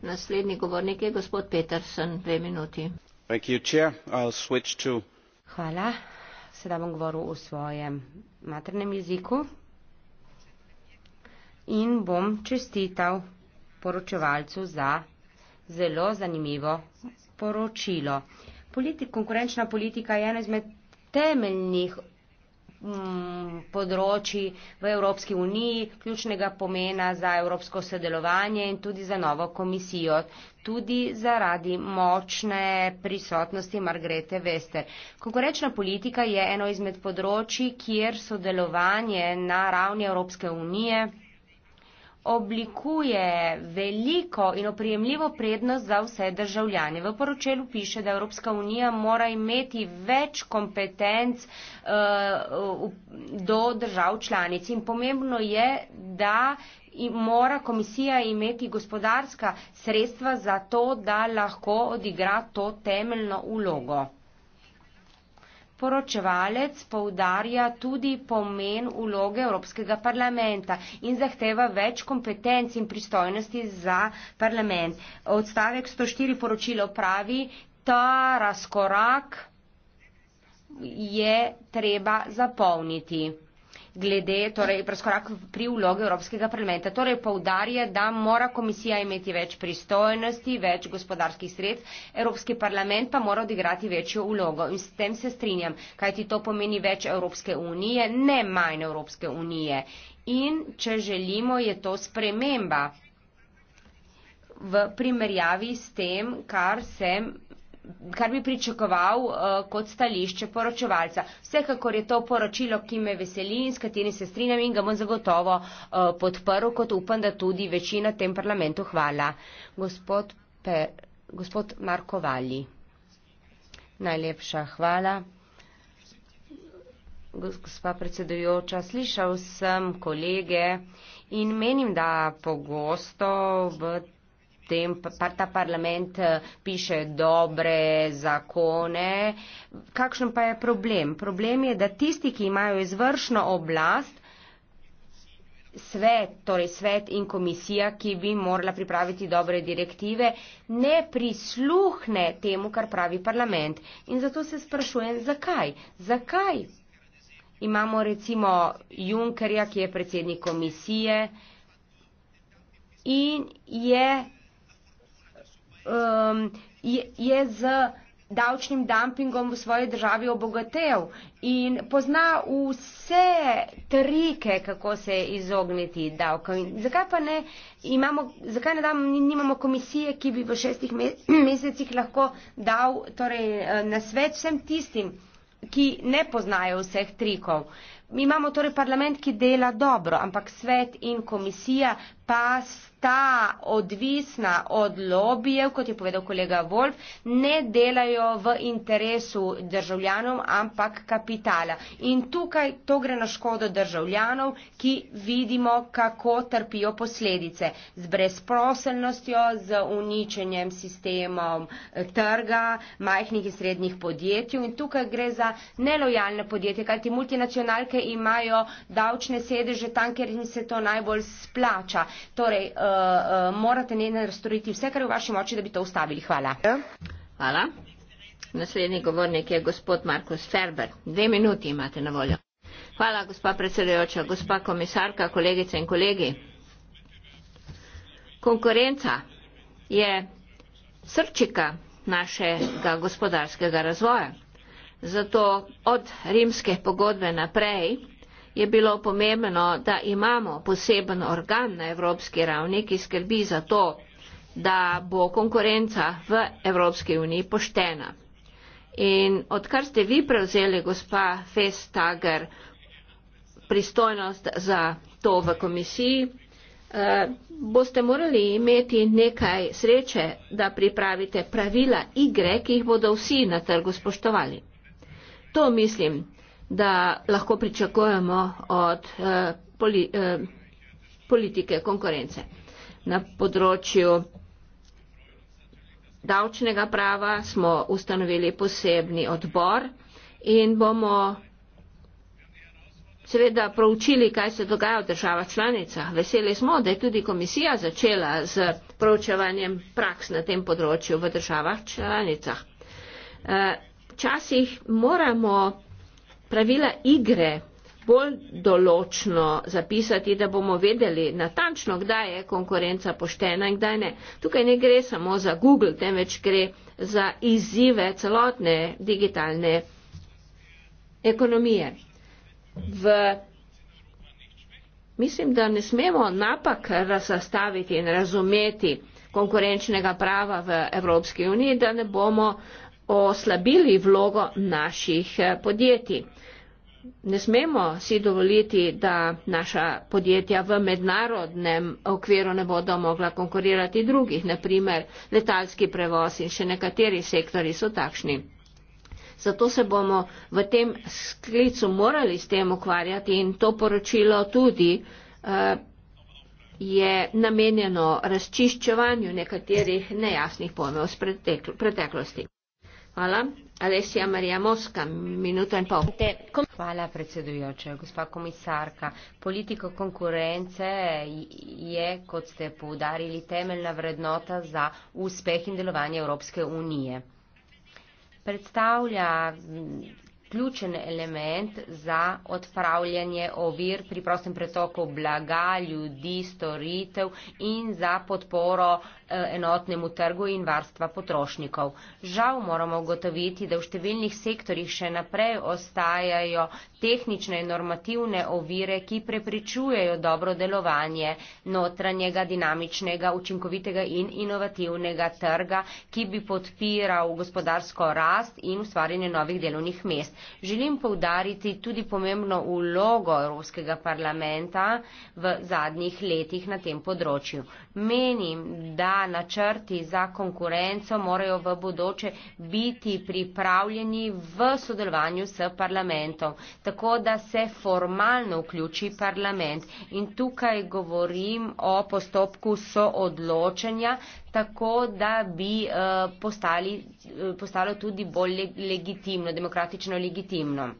Naslednji govornik je gospod Petersen, dve minuti. Thank you, Chair. I'll switch to Hvala. Sedaj bom govoril o svojem maternem jeziku in bom čestital poročevalcu za zelo zanimivo poročilo. Politik, konkurenčna politika je ena izmed temeljnih Mm, področji v Evropski uniji, ključnega pomena za evropsko sodelovanje in tudi za novo komisijo, tudi zaradi močne prisotnosti Margrete Vester. Konkurečna politika je eno izmed področji, kjer sodelovanje na ravni Evropske unije oblikuje veliko in oprijemljivo prednost za vse državljane. V poročelu piše, da Evropska unija mora imeti več kompetenc uh, do držav članic in pomembno je, da in mora komisija imeti gospodarska sredstva za to, da lahko odigra to temeljno ulogo poročevalec poudarja tudi pomen uloge Evropskega parlamenta in zahteva več kompetenc in pristojnosti za parlament. Odstavek 104 poročilo pravi, ta razkorak je treba zapolniti glede, torej preskorak pri vloge Evropskega parlamenta. Torej povdarja, da mora komisija imeti več pristojnosti, več gospodarskih sredstv, Evropski parlament pa mora odigrati večjo vlogo. In s tem se strinjam, kajti to pomeni več Evropske unije, ne manj Evropske unije. In če želimo, je to sprememba v primerjavi s tem, kar sem kar bi pričakoval uh, kot stališče poročevalca. Vsekakor je to poročilo, ki me veseli in s katerim se strinjam in ga bom zagotovo uh, podprl, kot upam, da tudi večina tem parlamentu. Hvala. Gospod, Pe, gospod Marko Vali. Najlepša hvala. Gospa predsedujoča, slišal sem kolege in menim, da pogosto v tem, pa ta parlament eh, piše dobre zakone. Kakšen pa je problem? Problem je, da tisti, ki imajo izvršno oblast, svet, torej svet in komisija, ki bi morala pripraviti dobre direktive, ne prisluhne temu, kar pravi parlament. In zato se sprašujem, zakaj? Zakaj? Imamo recimo Junkerja, ki je predsednik komisije in je um, je, je z davčnim dumpingom v svoji državi obogatev in pozna vse trike, kako se izogniti davkom. Zakaj pa ne, imamo, zakaj ne damo, nimamo komisije, ki bi v šestih [clears throat] mesecih lahko dal torej, eh, na svet vsem tistim, ki ne poznajo vseh trikov. Mi imamo torej parlament, ki dela dobro, ampak svet in komisija pa sta odvisna od lobijev, kot je povedal kolega Wolf, ne delajo v interesu državljanom, ampak kapitala. In tukaj to gre na škodo državljanov, ki vidimo, kako trpijo posledice z brezposelnostjo, z uničenjem sistemom eh, trga, majhnih in srednjih podjetij. In tukaj gre za nelojalne podjetje, kajti multinacionalke imajo davčne sedeže tam, kjer jim se to najbolj splača. Torej, eh, uh, uh, morate njene razstoriti vse, kar je v vaši moči, da bi to ustavili. Hvala. Hvala. Naslednji govornik je gospod Markus Ferber. Dve minuti imate na voljo. Hvala, gospa predsedujoča, gospa komisarka, kolegice in kolegi. Konkurenca je srčika našega gospodarskega razvoja. Zato od rimske pogodbe naprej je bilo pomembno, da imamo poseben organ na evropski ravni, ki skrbi za to, da bo konkurenca v Evropski uniji poštena. In odkar ste vi prevzeli, gospa Festager, pristojnost za to v komisiji, eh, boste morali imeti nekaj sreče, da pripravite pravila igre, ki jih bodo vsi na trgu spoštovali. To mislim, da lahko pričakujemo od eh, poli, eh, politike konkurence. Na področju davčnega prava smo ustanovili posebni odbor in bomo seveda proučili, kaj se dogaja v državah članicah. Veseli smo, da je tudi komisija začela z proučevanjem praks na tem področju v državah članicah. Eh, včasih moramo pravila igre bolj določno zapisati, da bomo vedeli natančno, kdaj je konkurenca poštena in kdaj ne. Tukaj ne gre samo za Google, temveč gre za izzive celotne digitalne ekonomije. V Mislim, da ne smemo napak razstaviti in razumeti konkurenčnega prava v Evropski uniji, da ne bomo uh, oslabili vlogo naših eh, podjetij. Ne smemo si dovoliti, da naša podjetja v mednarodnem okviru ne bodo mogla konkurirati drugih, naprimer letalski prevoz in še nekateri sektori so takšni. Zato se bomo v tem sklicu morali s tem ukvarjati in to poročilo tudi eh, je namenjeno razčiščevanju nekaterih nejasnih pojmev z preteklosti. Hvala predsedujoča, gospa komisarka. Politika konkurence je, kot ste poudarili, temeljna vrednota za uspeh in delovanje Evropske unije. Predstavlja mm, ključen element za odpravljanje ovir pri prostem pretoku blaga, ljudi, storitev in za podporo uh, Eh, enotnemu trgu in varstva potrošnikov. Žal moramo ugotoviti, da v številnih sektorjih še naprej ostajajo tehnične in normativne ovire, ki prepričujejo dobro delovanje notranjega, dinamičnega, učinkovitega in inovativnega trga, ki bi podpiral gospodarsko rast in ustvarjanje novih delovnih mest. Želim poudariti tudi pomembno ulogo Evropskega parlamenta v zadnjih letih na tem področju. Menim, da načrti za konkurenco morajo v bodoče biti pripravljeni v sodelovanju s parlamentom, tako da se formalno vključi parlament. In tukaj govorim o postopku soodločanja, tako da bi eh, postali, eh, postalo tudi bolj legitimno, demokratično legitimno.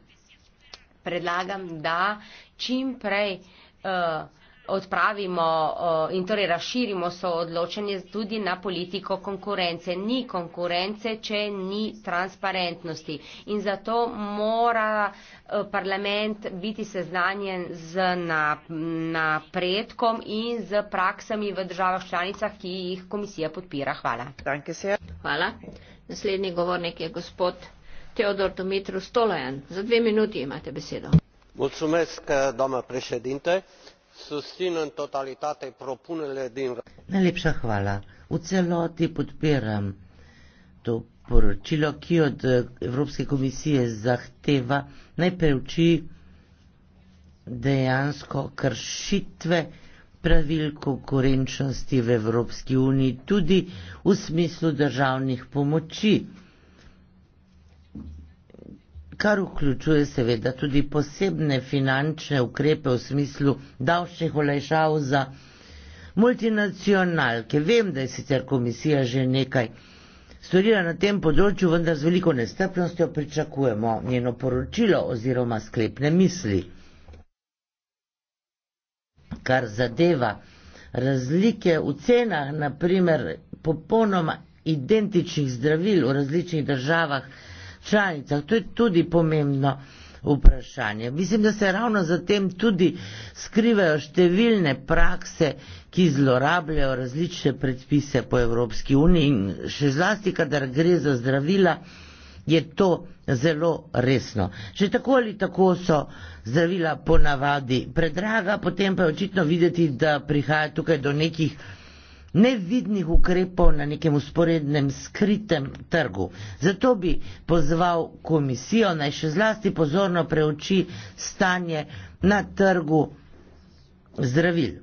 Predlagam, da čim prej uh, odpravimo in torej razširimo so odločanje tudi na politiko konkurence. Ni konkurence, če ni transparentnosti. In zato mora e, parlament biti seznanjen z napredkom in z praksami v državah članicah, ki jih komisija podpira. Hvala. Hvala. Naslednji govornik je gospod Teodor Dimitrov Stolajan. Za dve minuti imate besedo. Mulțumesc, doamnă președinte. Uh, susțin în totalitate propunerile din Najlepša hvala. V celoti podpiram to poročilo, ki od e, Evropske komisije zahteva naj preuči dejansko kršitve pravil konkurenčnosti v Evropski uniji, tudi v smislu državnih pomoči kar vključuje seveda tudi posebne finančne ukrepe v smislu davčnih olajšav za multinacionalke. Vem, da je sicer komisija že nekaj storila na tem področju, vendar z veliko nestrpnostjo pričakujemo njeno poročilo oziroma sklepne misli. Kar zadeva razlike v cenah, naprimer popolnoma identičnih zdravil v različnih državah, članicah. To je tudi pomembno vprašanje. Mislim, da se ravno zatem tudi skrivajo številne prakse, ki zlorabljajo različne predpise po Evropski uniji in še zlasti, kadar gre za zdravila, je to zelo resno. Že tako ali tako so zdravila ponavadi predraga, potem pa je očitno videti, da prihaja tukaj do nekih nevidnih ukrepov na nekem usporednem skritem trgu. Zato bi pozval komisijo naj še zlasti pozorno preuči stanje na trgu zdravil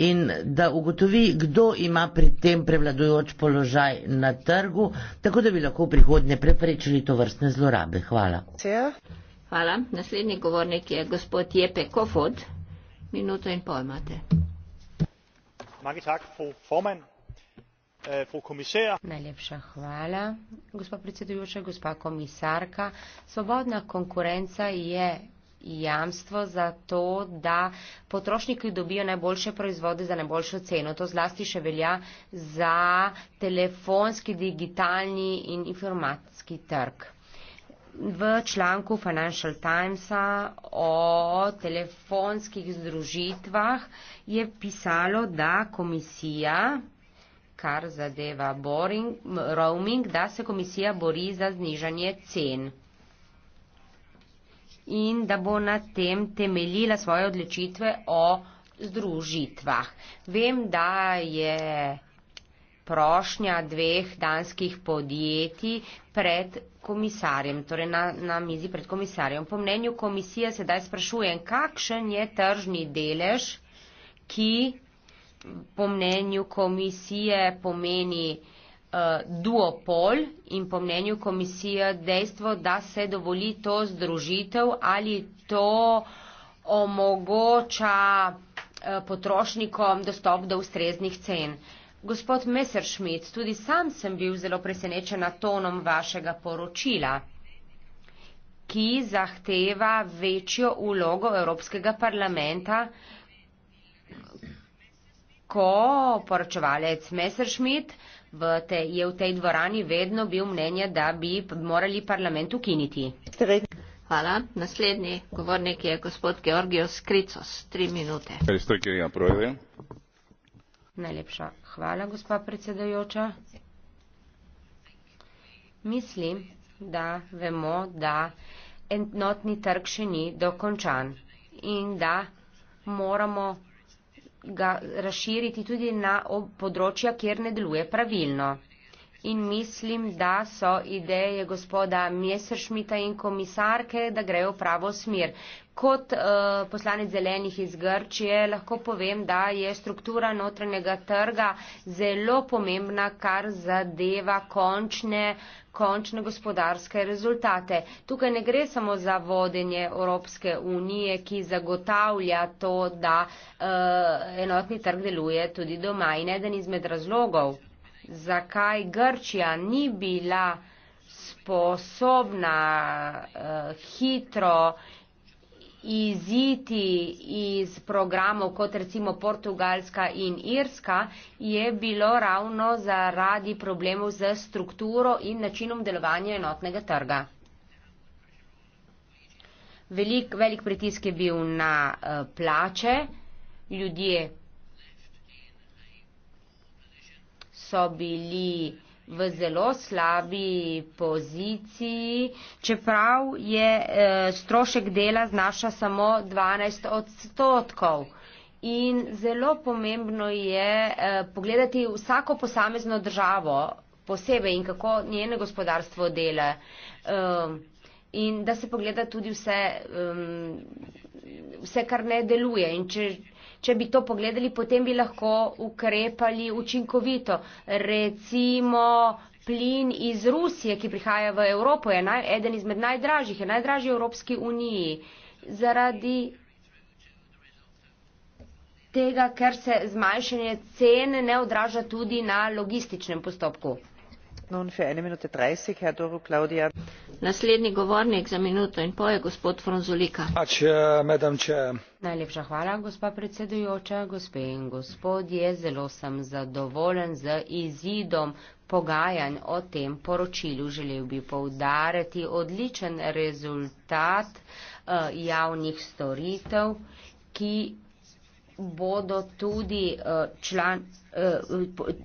in da ugotovi, kdo ima pri tem prevladujoč položaj na trgu, tako da bi lahko v prihodnje preprečili to vrstne zlorabe. Hvala. Hvala. Naslednji govornik je gospod Jepe Kofod. Minuto in pol imate. Øh, Najlepša hvala, gospod predsedujoča, gospa komisarka. Svobodna konkurenca je jamstvo za to, da potrošniki dobijo najboljše proizvode za najboljšo ceno. To zlasti še velja za telefonski, digitalni in informacijski trg v članku Financial Timesa o telefonskih združitvah je pisalo, da komisija, kar zadeva boring, roaming, da se komisija bori za znižanje cen in da bo na tem temeljila svoje odločitve o združitvah. Vem, da je prošnja dveh danskih podjetij pred komisarjem, torej na, na mizi pred komisarjem. Po mnenju komisije sedaj sprašujem, kakšen je tržni delež, ki po mnenju komisije pomeni eh, duopol in po mnenju komisije dejstvo, da se dovoli to združitev ali to omogoča eh, potrošnikom dostop do ustreznih cen. Gospod Messerschmidt, tudi sam sem bil zelo presenečen na tonom vašega poročila, ki zahteva večjo ulogo Evropskega parlamenta, ko poročevalec Messerschmidt v te, je v tej dvorani vedno bil mnenja, da bi morali parlament ukiniti. Hvala. Naslednji govornik je gospod Georgios Kricos. Tri minute. Najlepša Hvala, gospa predsedajoča. Mislim, da vemo, da enotni trg še ni dokončan in da moramo ga razširiti tudi na področja, kjer ne deluje pravilno in mislim, da so ideje gospoda Mjesešmita in komisarke, da grejo v pravo smer. Kot uh, poslanec zelenih iz Grčije lahko povem, da je struktura notranjega trga zelo pomembna, kar zadeva končne, končne gospodarske rezultate. Tukaj ne gre samo za vodenje Evropske unije, ki zagotavlja to, da uh, enotni trg deluje tudi doma in eden izmed razlogov zakaj Grčija ni bila sposobna uh, hitro iziti iz programov kot recimo Portugalska in Irska, je bilo ravno zaradi problemov z strukturo in načinom delovanja enotnega trga. Velik, velik pritisk je bil na uh, plače, ljudje so bili v zelo slabi poziciji, čeprav je e, strošek dela znaša samo 12 odstotkov. In zelo pomembno je e, pogledati vsako posamezno državo posebej in kako njene gospodarstvo dela. E, in da se pogleda tudi vse, um, vse kar ne deluje. In če Če bi to pogledali, potem bi lahko ukrepali učinkovito. Recimo plin iz Rusije, ki prihaja v Evropo, je naj, eden izmed najdražjih, je najdražji v Evropski uniji. Zaradi tega, ker se zmanjšanje cen ne odraža tudi na logističnem postopku naslednji govornik za minuto in pol je gospod frunzulika ah, najlepša hvala gospa predsedujoča gospe in gospodje zelo sem zadovoljen z izidom pogajanj o tem poročilu želel bi poudariti odličen rezultat uh, javnih storitev ki bodo tudi eh, član, eh,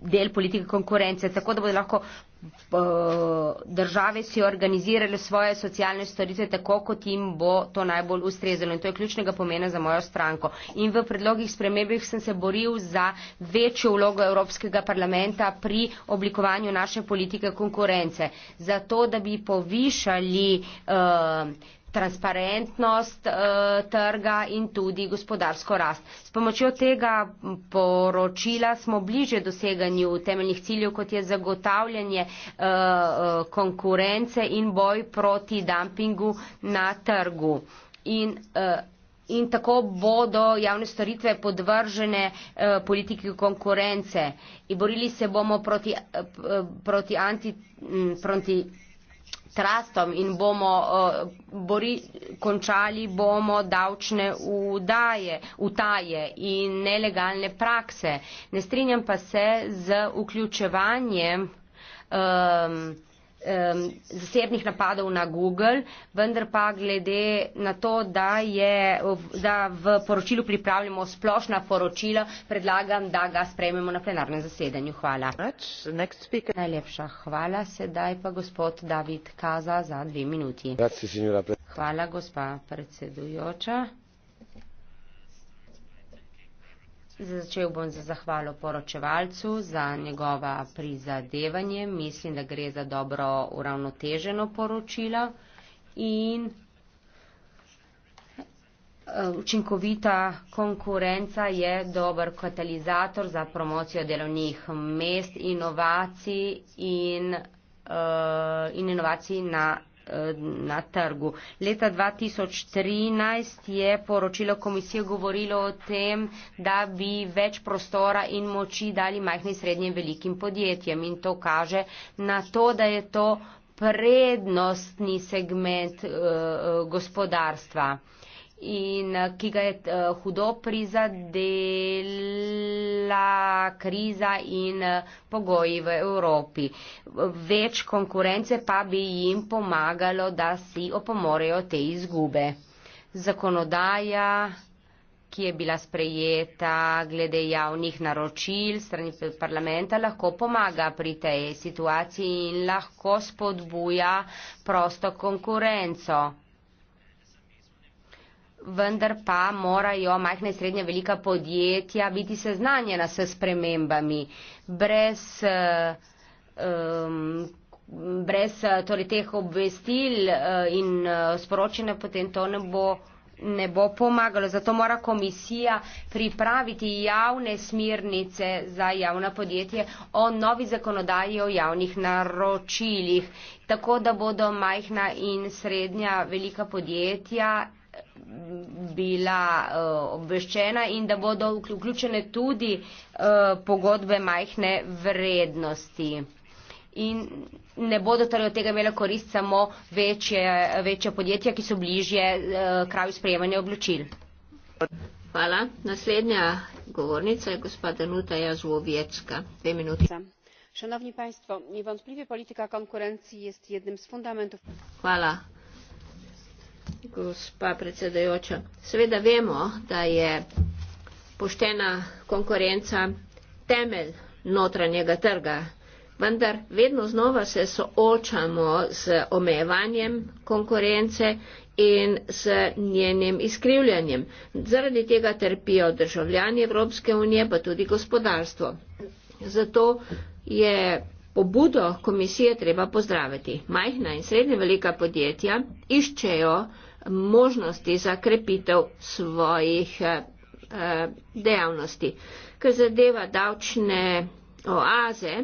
del politike konkurence, tako da bodo lahko Eh, države si organizirale svoje socialne storitve tako, kot jim bo to najbolj ustrezalo. In to je ključnega pomena za mojo stranko. In v predlogih spremembih sem se boril za večjo vlogo Evropskega parlamenta pri oblikovanju naše politike konkurence. Zato, da bi povišali uh, transparentnost uh, trga in tudi gospodarsko rast. S pomočjo tega poročila smo bliže doseganju temeljnih ciljev, kot je zagotavljanje uh, konkurence in boj proti dumpingu na trgu. In, uh, In tako bodo javne storitve podvržene eh, politiki konkurence. In borili se bomo proti, eh, proti, anti, hm, proti trastom in bomo uh, bori, končali bomo davčne udaje, utaje in nelegalne prakse. Ne strinjam pa se z vključevanjem um, um, zasebnih napadov na Google, vendar pa glede na to, da, je, da v poročilu pripravljamo splošna poročila, predlagam, da ga sprejmemo na plenarnem zasedanju. Hvala. Najlepša hvala. Sedaj pa gospod David Kaza za dve minuti. Hvala, gospa predsedujoča. Začel bom za zahvalo poročevalcu za njegova prizadevanje. Mislim, da gre za dobro uravnoteženo poročilo in e, učinkovita konkurenca je dober katalizator za promocijo delovnih mest, inovacij in, e, in inovacij na Eh, na trgu. Leta 2013 je poročilo komisije govorilo o tem, da bi več prostora in moči dali majhnim, srednjim, velikim podjetjem in to kaže na to, da je to prednostni segment uh, gospodarstva in eh, ki ga je eh, hudo prizadela kriza in eh, pogoji v Evropi. Več konkurence pa bi jim pomagalo, da si opomorejo te izgube. Zakonodaja ki je bila sprejeta glede javnih naročil strani parlamenta, lahko pomaga pri tej situaciji in lahko spodbuja prosto konkurenco vendar pa morajo majhna in srednja velika podjetja biti seznanjena s spremembami. Brez, um, brez eh, torej, teh obvestil eh, in sporočene potem to ne bo, ne bo pomagalo. Zato mora komisija pripraviti javne smirnice za javna podjetja o novi zakonodaji o javnih naročilih tako da bodo majhna in srednja velika podjetja bila uh, obveščena in da bodo vključene tudi uh, pogodbe majhne vrednosti. In ne bodo torej od tega imela korist samo večje, večje podjetja, ki so bližje uh, kraju sprejemanja obločil. Hvala. Naslednja govornica je gospa Danuta Jazvovjecka. Dve minuti. Šanovni państvo, niewątpliwie polityka konkurencji jest jednym z fundamentów. Hvala gospa predsedajoča. Seveda vemo, da je poštena konkurenca temelj notranjega trga, vendar vedno znova se soočamo z omejevanjem konkurence in z njenim izkrivljanjem. Zaradi tega trpijo državljani Evropske unije, pa tudi gospodarstvo. Zato je Pobudo komisije treba pozdraviti. Majhna in srednje velika podjetja iščejo možnosti za krepitev svojih eh, eh, dejavnosti. Kar zadeva davčne oaze,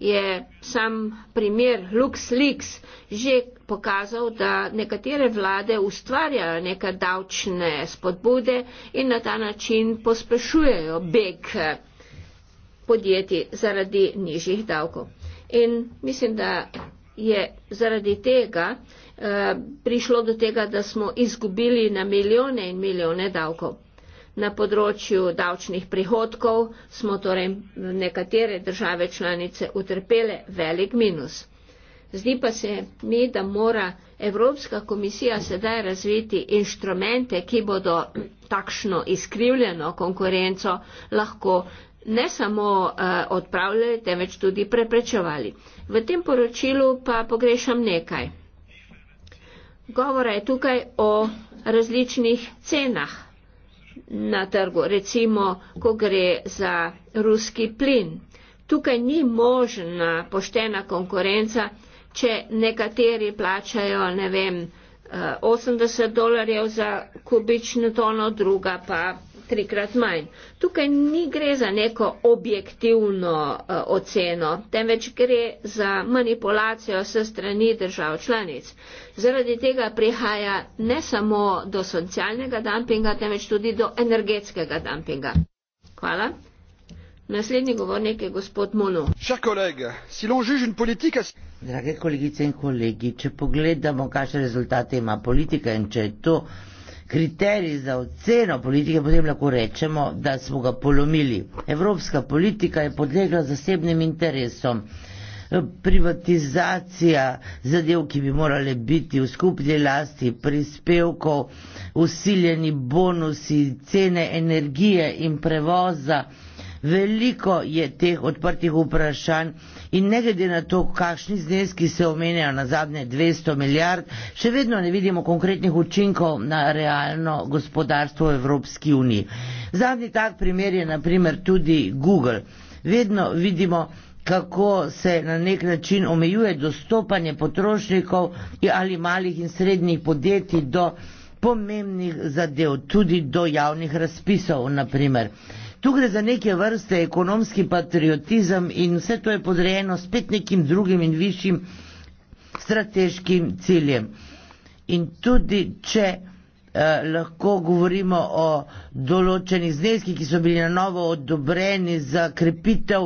je sam primer LuxLeaks že pokazal, da nekatere vlade ustvarjajo neke davčne spodbude in na ta način pospešujejo beg eh, podjetij zaradi nižjih davkov. In mislim, da je zaradi tega eh, prišlo do tega, da smo izgubili na milijone in milijone davkov. Na področju davčnih prihodkov smo torej nekatere države članice utrpele velik minus. Zdi pa se mi, da mora Evropska komisija sedaj razviti inštrumente, ki bodo takšno izkrivljeno konkurenco lahko ne samo uh, odpravljali, temveč tudi preprečevali. V tem poročilu pa pogrešam nekaj. Govora je tukaj o različnih cenah na trgu, recimo, ko gre za ruski plin. Tukaj ni možna poštena konkurenca, če nekateri plačajo, ne vem, 80 eh, dolarjev za kubično tono, druga pa trikrat manj. Tukaj ni gre za neko objektivno uh, oceno, temveč gre za manipulacijo s strani držav članic. Zaradi tega prihaja ne samo do socialnega dumpinga, temveč tudi do energetskega dumpinga. Hvala. Drage kolegice in kolegi, če pogledamo, kakšne rezultate ima politika in če je to kriterij za oceno politike, potem lahko rečemo, da smo ga polomili. Evropska politika je podlegla zasebnim interesom. Privatizacija zadev, ki bi morale biti v skupni lasti, prispevkov, usiljeni bonusi, cene energije in prevoza veliko je teh odprtih vprašanj in ne glede na to, kakšni zneski se omenjajo na zadnje 200 milijard, še vedno ne vidimo konkretnih učinkov na realno gospodarstvo v Evropski uniji. Zadnji tak primer je naprimer tudi Google. Vedno vidimo, kako se na nek način omejuje dostopanje potrošnikov ali malih in srednjih podjetij do pomembnih zadev, tudi do javnih razpisov, naprimer. Tu gre za neke vrste ekonomski patriotizem in vse to je podrejeno spet nekim drugim in višjim strateškim ciljem. In tudi, če eh, lahko govorimo o določenih zneskih, ki so bili na novo odobreni za krepitev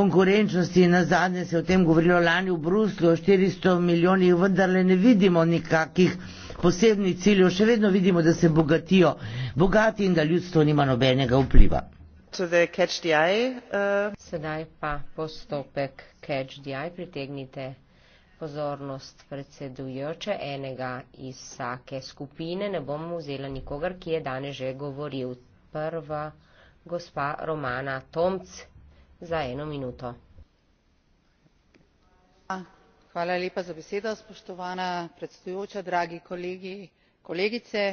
konkurenčnosti, na zadnje se je o tem govorilo lani v Bruslju, o 400 milijonih, vendarle ne vidimo nikakih posebnih ciljev, še vedno vidimo, da se bogatijo bogati in da ljudstvo nima nobenega vpliva. Uh, sedaj pa postopek catch the eye pritegnite pozornost predsedujoče enega iz vsake skupine ne bom vzela nikogar ki je danes že govoril prva gospa Romana Tomc za eno minuto Hvala lepa za besedo, spoštovana predsedujoča, dragi kolegi, kolegice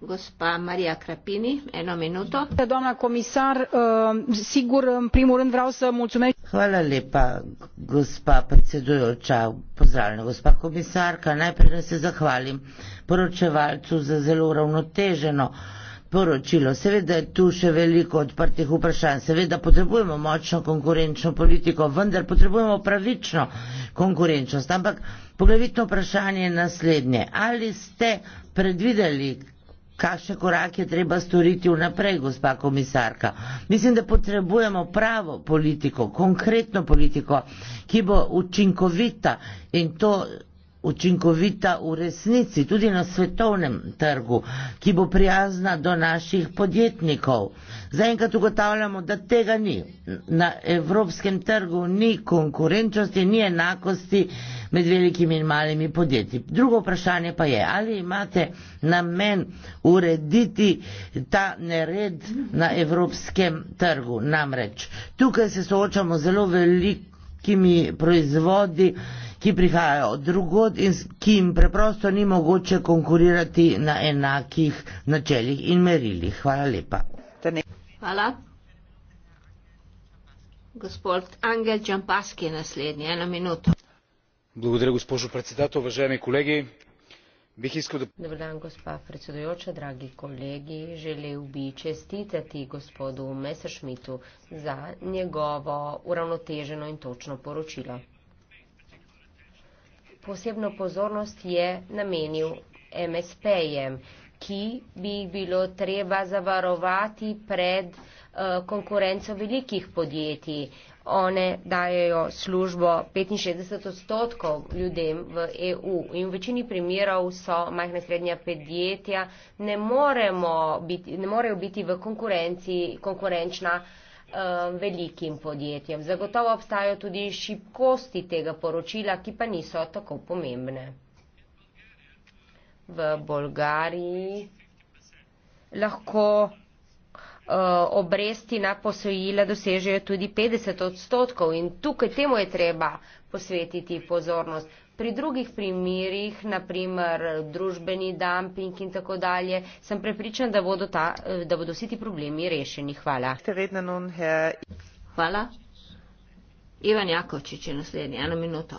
Uh, hvala lepa gospa predsedujoča pozdravljena gospa komisarka najprej naj se zahvalim poročevalcu za zelo uravnoteženo poročilo seveda je tu še veliko odprtih vprašanj seveda potrebujemo močno konkurenčno politiko vendar potrebujemo pravično konkurenčnost ampak poglavitno vprašanje je naslednje ali ste predvideli kakšne korake treba storiti vnaprej, gospa komisarka. Mislim, da potrebujemo pravo politiko, konkretno politiko, ki bo učinkovita in to učinkovita v resnici tudi na svetovnem trgu, ki bo prijazna do naših podjetnikov. Zaenkrat ugotavljamo, da tega ni. Na evropskem trgu ni konkurenčnosti, ni enakosti med velikimi in malimi podjetji. Drugo vprašanje pa je, ali imate namen urediti ta nered na evropskem trgu. Namreč, tukaj se soočamo zelo velikimi proizvodi, ki prihajajo od drugod in ki jim preprosto ni mogoče konkurirati na enakih načeljih in merilih. Hvala lepa. Hvala. Gospod Angel Čampaski je naslednji, eno minuto. Благодаря, госпожо председател, уважаеми колеги. Бих искал да... Добър ден, госпа председател, драги колеги. Желел би честитати господу Месершмиту за негово уравнотежено и точно поручило posebno pozornost je namenil MSP-jem, ki bi jih bilo treba zavarovati pred eh, konkurenco velikih podjetij. One dajejo službo 65 odstotkov ljudem v EU in v večini primerov so majhna srednja podjetja, ne, biti, ne morejo biti v konkurenci konkurenčna um, velikim podjetjem. Zagotovo obstajajo tudi šibkosti tega poročila, ki pa niso tako pomembne. V Bolgariji lahko uh, obresti na posojila dosežejo tudi 50 odstotkov in tukaj temu je treba posvetiti pozornost pri drugih primerjih, naprimer družbeni dumping in tako dalje, sem prepričan, da bodo, ta, da bodo vsi ti problemi rešeni. Hvala. Hvala. Ivan Jakovčič je naslednji, eno minuto.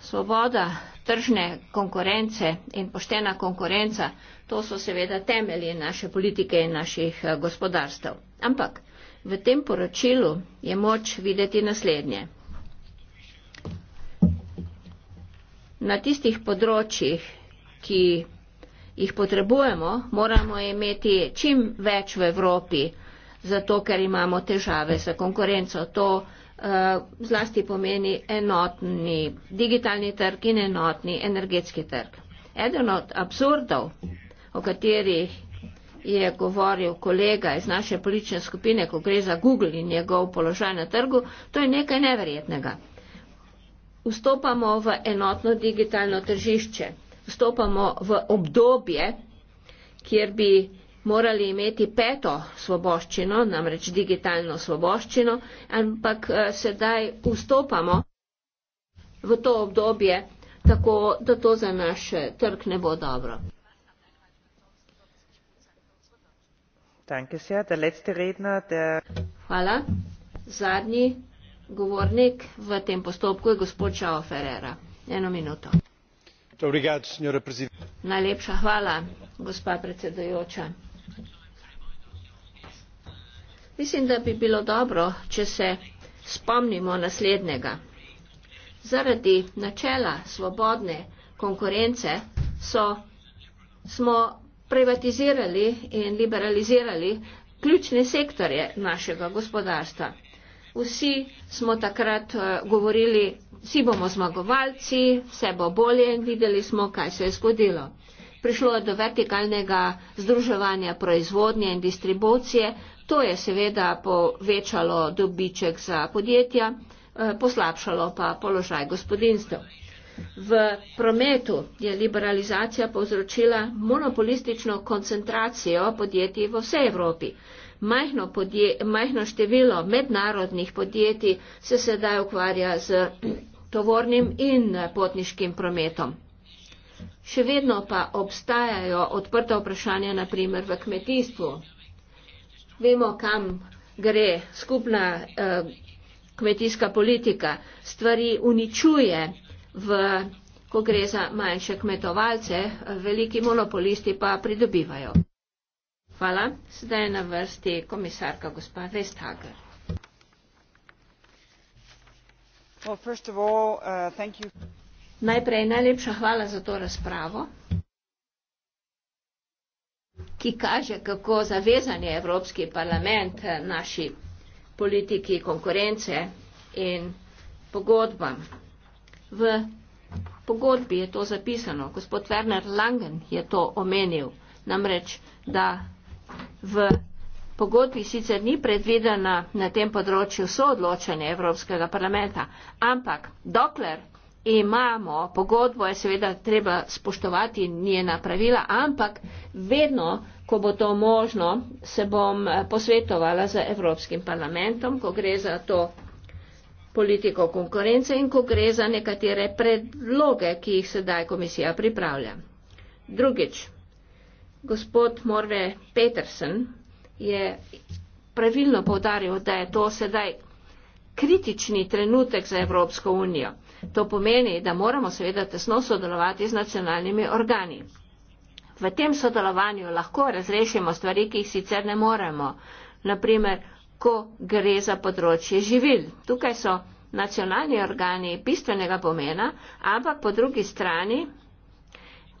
Svoboda tržne konkurence in poštena konkurenca, to so seveda temelji naše politike in naših eh, gospodarstv. Ampak v tem poročilu je moč videti naslednje. na tistih področjih, ki jih potrebujemo, moramo imeti čim več v Evropi, zato ker imamo težave za konkurenco. To uh, zlasti pomeni enotni digitalni trg in enotni energetski trg. Eden od absurdov, o katerih je govoril kolega iz naše politične skupine, ko gre za Google in njegov položaj na trgu, to je nekaj neverjetnega vstopamo v enotno digitalno tržišče, vstopamo v obdobje, kjer bi morali imeti peto svoboščino, namreč digitalno svoboščino, ampak eh, sedaj vstopamo v to obdobje, tako da to za naš eh, trg ne bo dobro. Danke sehr. Der letzte Redner, der. Hallo. Zadnji. Govornik v tem postopku je gospod Čao Ferreira. Eno minuto. Najlepša hvala, gospa predsedujoča. Mislim, da bi bilo dobro, če se spomnimo naslednjega. Zaradi načela svobodne konkurence so, smo privatizirali in liberalizirali ključne sektorje našega gospodarstva. Vsi smo takrat eh, govorili, vsi bomo zmagovalci, vse bo bolje in videli smo, kaj se je zgodilo. Prišlo je do vertikalnega združevanja proizvodnje in distribucije, to je seveda povečalo dobiček za podjetja, eh, poslabšalo pa položaj gospodinstv. V prometu je liberalizacija povzročila monopolistično koncentracijo podjetij v vsej Evropi majhno, podje, majhno število mednarodnih podjetij se sedaj ukvarja z [clears throat] tovornim in eh, potniškim prometom. Še vedno pa obstajajo odprta vprašanja, naprimer v kmetijstvu. Vemo, kam gre skupna eh, kmetijska politika. Stvari uničuje, v, ko gre za manjše kmetovalce, eh, veliki monopolisti pa pridobivajo. Hvala. Sedaj je na vrsti komisarka gospa Vestager. Well, all, uh, Najprej najlepša hvala za to razpravo, ki kaže, kako zavezan je Evropski parlament eh, naši politiki konkurence in pogodbam. V pogodbi je to zapisano. Gospod Werner Langen je to omenil. Namreč, da v pogodbi sicer ni predvidena na tem področju soodločanje Evropskega parlamenta, ampak dokler imamo pogodbo, je seveda treba spoštovati njena pravila, ampak vedno, ko bo to možno, se bom eh, posvetovala z Evropskim parlamentom, ko gre za to politiko konkurence in ko gre za nekatere predloge, ki jih sedaj komisija pripravlja. Drugič, gospod Morve Petersen je pravilno povdaril, da je to sedaj kritični trenutek za Evropsko unijo. To pomeni, da moramo seveda tesno sodelovati z nacionalnimi organi. V tem sodelovanju lahko razrešimo stvari, ki jih sicer ne moremo. Naprimer, ko gre za področje živil. Tukaj so nacionalni organi bistvenega pomena, ampak po drugi strani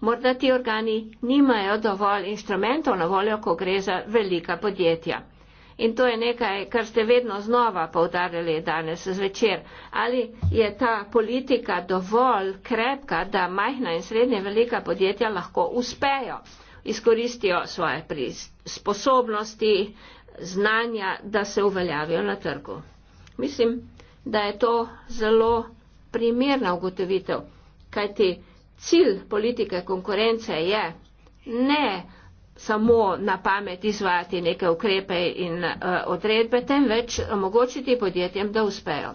Morda ti organi nimajo dovolj instrumentov na voljo, ko gre za velika podjetja. In to je nekaj, kar ste vedno znova povdarjali danes zvečer. Ali je ta politika dovolj krepka, da majhna in srednje velika podjetja lahko uspejo, izkoristijo svoje sposobnosti, znanja, da se uveljavijo na trgu. Mislim, da je to zelo primerna ugotovitev, kajti cilj politike konkurence je ne samo na pamet izvajati neke ukrepe in uh, odredbe, temveč omogočiti podjetjem, da uspejo.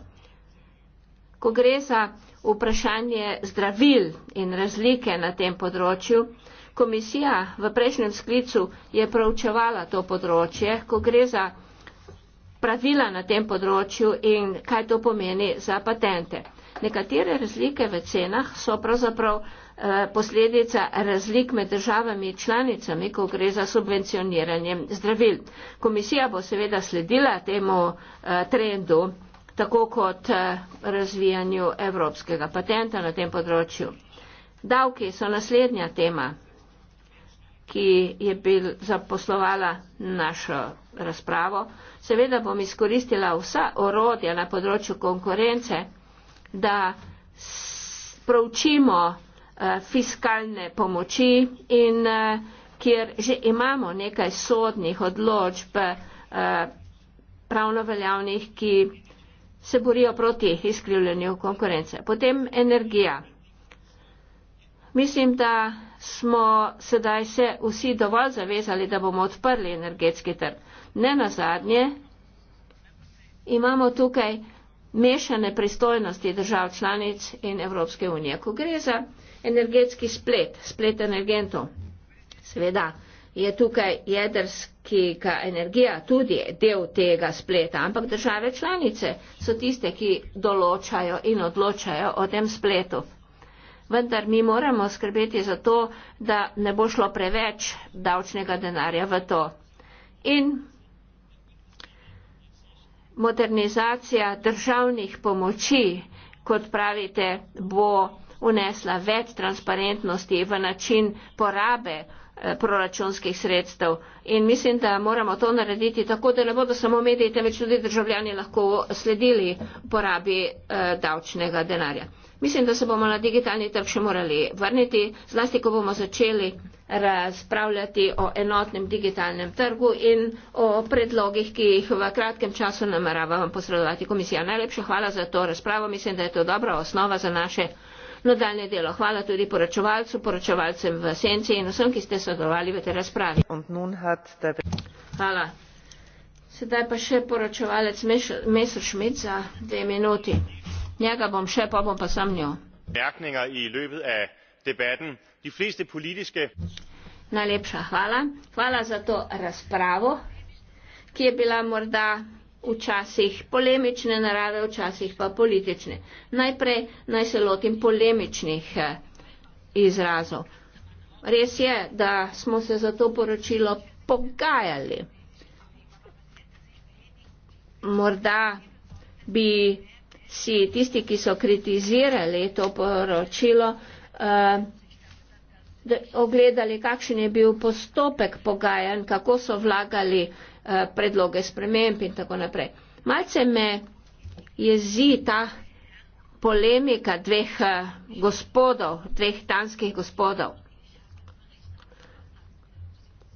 Ko gre za vprašanje zdravil in razlike na tem področju, komisija v prejšnjem sklicu je proučevala to področje, ko gre za pravila na tem področju in kaj to pomeni za patente. Nekatere razlike v cenah so pravzaprav eh, posledica razlik med državami članicami, ko gre za subvencioniranje zdravil. Komisija bo seveda sledila temu eh, trendu, tako kot eh, razvijanju evropskega patenta na tem področju. Davki so naslednja tema ki je bil zaposlovala našo razpravo. Seveda bom izkoristila vsa orodja na področju konkurence da proučimo eh, fiskalne pomoči in eh, kjer že imamo nekaj sodnih odločb eh, pravno veljavnih, ki se borijo proti izkrivljanju konkurence. Potem energija. Mislim, da smo sedaj se vsi dovolj zavezali, da bomo odprli energetski trg. Ne nazadnje imamo tukaj mešane pristojnosti držav članic in Evropske unije. Ko gre za energetski splet, splet energentov, seveda je tukaj jedrska energija tudi del tega spleta, ampak države članice so tiste, ki določajo in odločajo o tem spletu. Vendar mi moramo skrbeti za to, da ne bo šlo preveč davčnega denarja v to. In modernizacija državnih pomoči, kot pravite, bo unesla več transparentnosti v način porabe eh, proračunskih sredstev. In mislim, da moramo to narediti tako, da ne bodo samo mediji, temveč tudi državljani lahko sledili porabi eh, davčnega denarja. Mislim, da se bomo na digitalni trg še morali vrniti, zlasti, ko bomo začeli razpravljati o enotnem digitalnem trgu in o predlogih, ki jih v kratkem času nameravamo posredovati komisija. Najlepša hvala za to razpravo. Mislim, da je to dobra osnova za naše nadaljne delo. Hvala tudi poročevalcu, poročevalcem v senci in vsem, ki ste sodelovali v tej razpravi. Hvala. Sedaj pa še poročevalec Mesur Šmit za dve minuti. Njega bom še, pa bom pa sam njo debatten. De fleste politiske. Najlepša hvala. Hvala za to razpravo, ki je bila morda včasih polemične narave, včasih pa politične. Najprej naj se lotim polemičnih eh, izrazov. Res je, da smo se za to poročilo pogajali. Morda bi si tisti, ki so kritizirali to poročilo, uh, ogledali, kakšen je bil postopek pogajanj, kako so vlagali uh, predloge sprememb in tako naprej. Malce me jezi ta polemika dveh uh, gospodov, dveh danskih gospodov.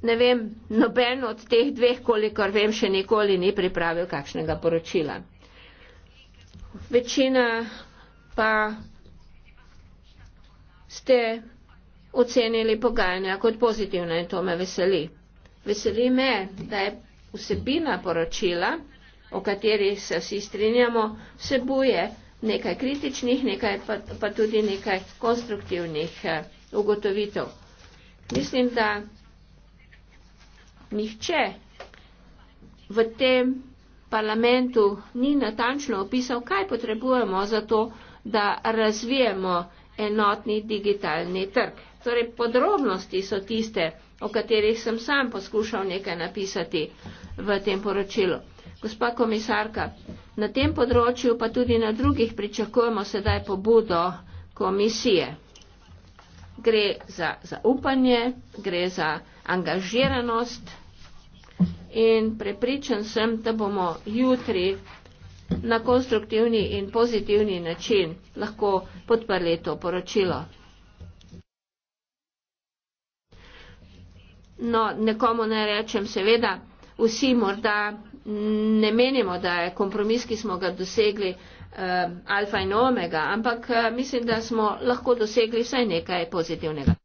Ne vem, noben od teh dveh, kolikor vem, še nikoli ni pripravil kakšnega poročila. Večina pa ste ocenili pogajanja kot pozitivna in to me veseli. Veseli me, da je vsebina poročila, o kateri se vsi strinjamo, vsebuje nekaj kritičnih, nekaj pa, pa tudi nekaj konstruktivnih eh, ugotovitev. Mislim, da nihče v tem parlamentu ni natančno opisal, kaj potrebujemo za to, da razvijemo enotni digitalni trg. Torej, podrobnosti so tiste, o katerih sem sam poskušal nekaj napisati v tem poročilu. Gospa komisarka, na tem področju pa tudi na drugih pričakujemo sedaj pobudo komisije. Gre za zaupanje, gre za angažiranost in prepričan sem, da bomo jutri na konstruktivni in pozitivni način lahko podprli to poročilo. No, nekomu ne rečem, seveda, vsi morda ne menimo, da je kompromis, ki smo ga dosegli, eh, alfa in omega, ampak eh, mislim, da smo lahko dosegli vsaj nekaj pozitivnega.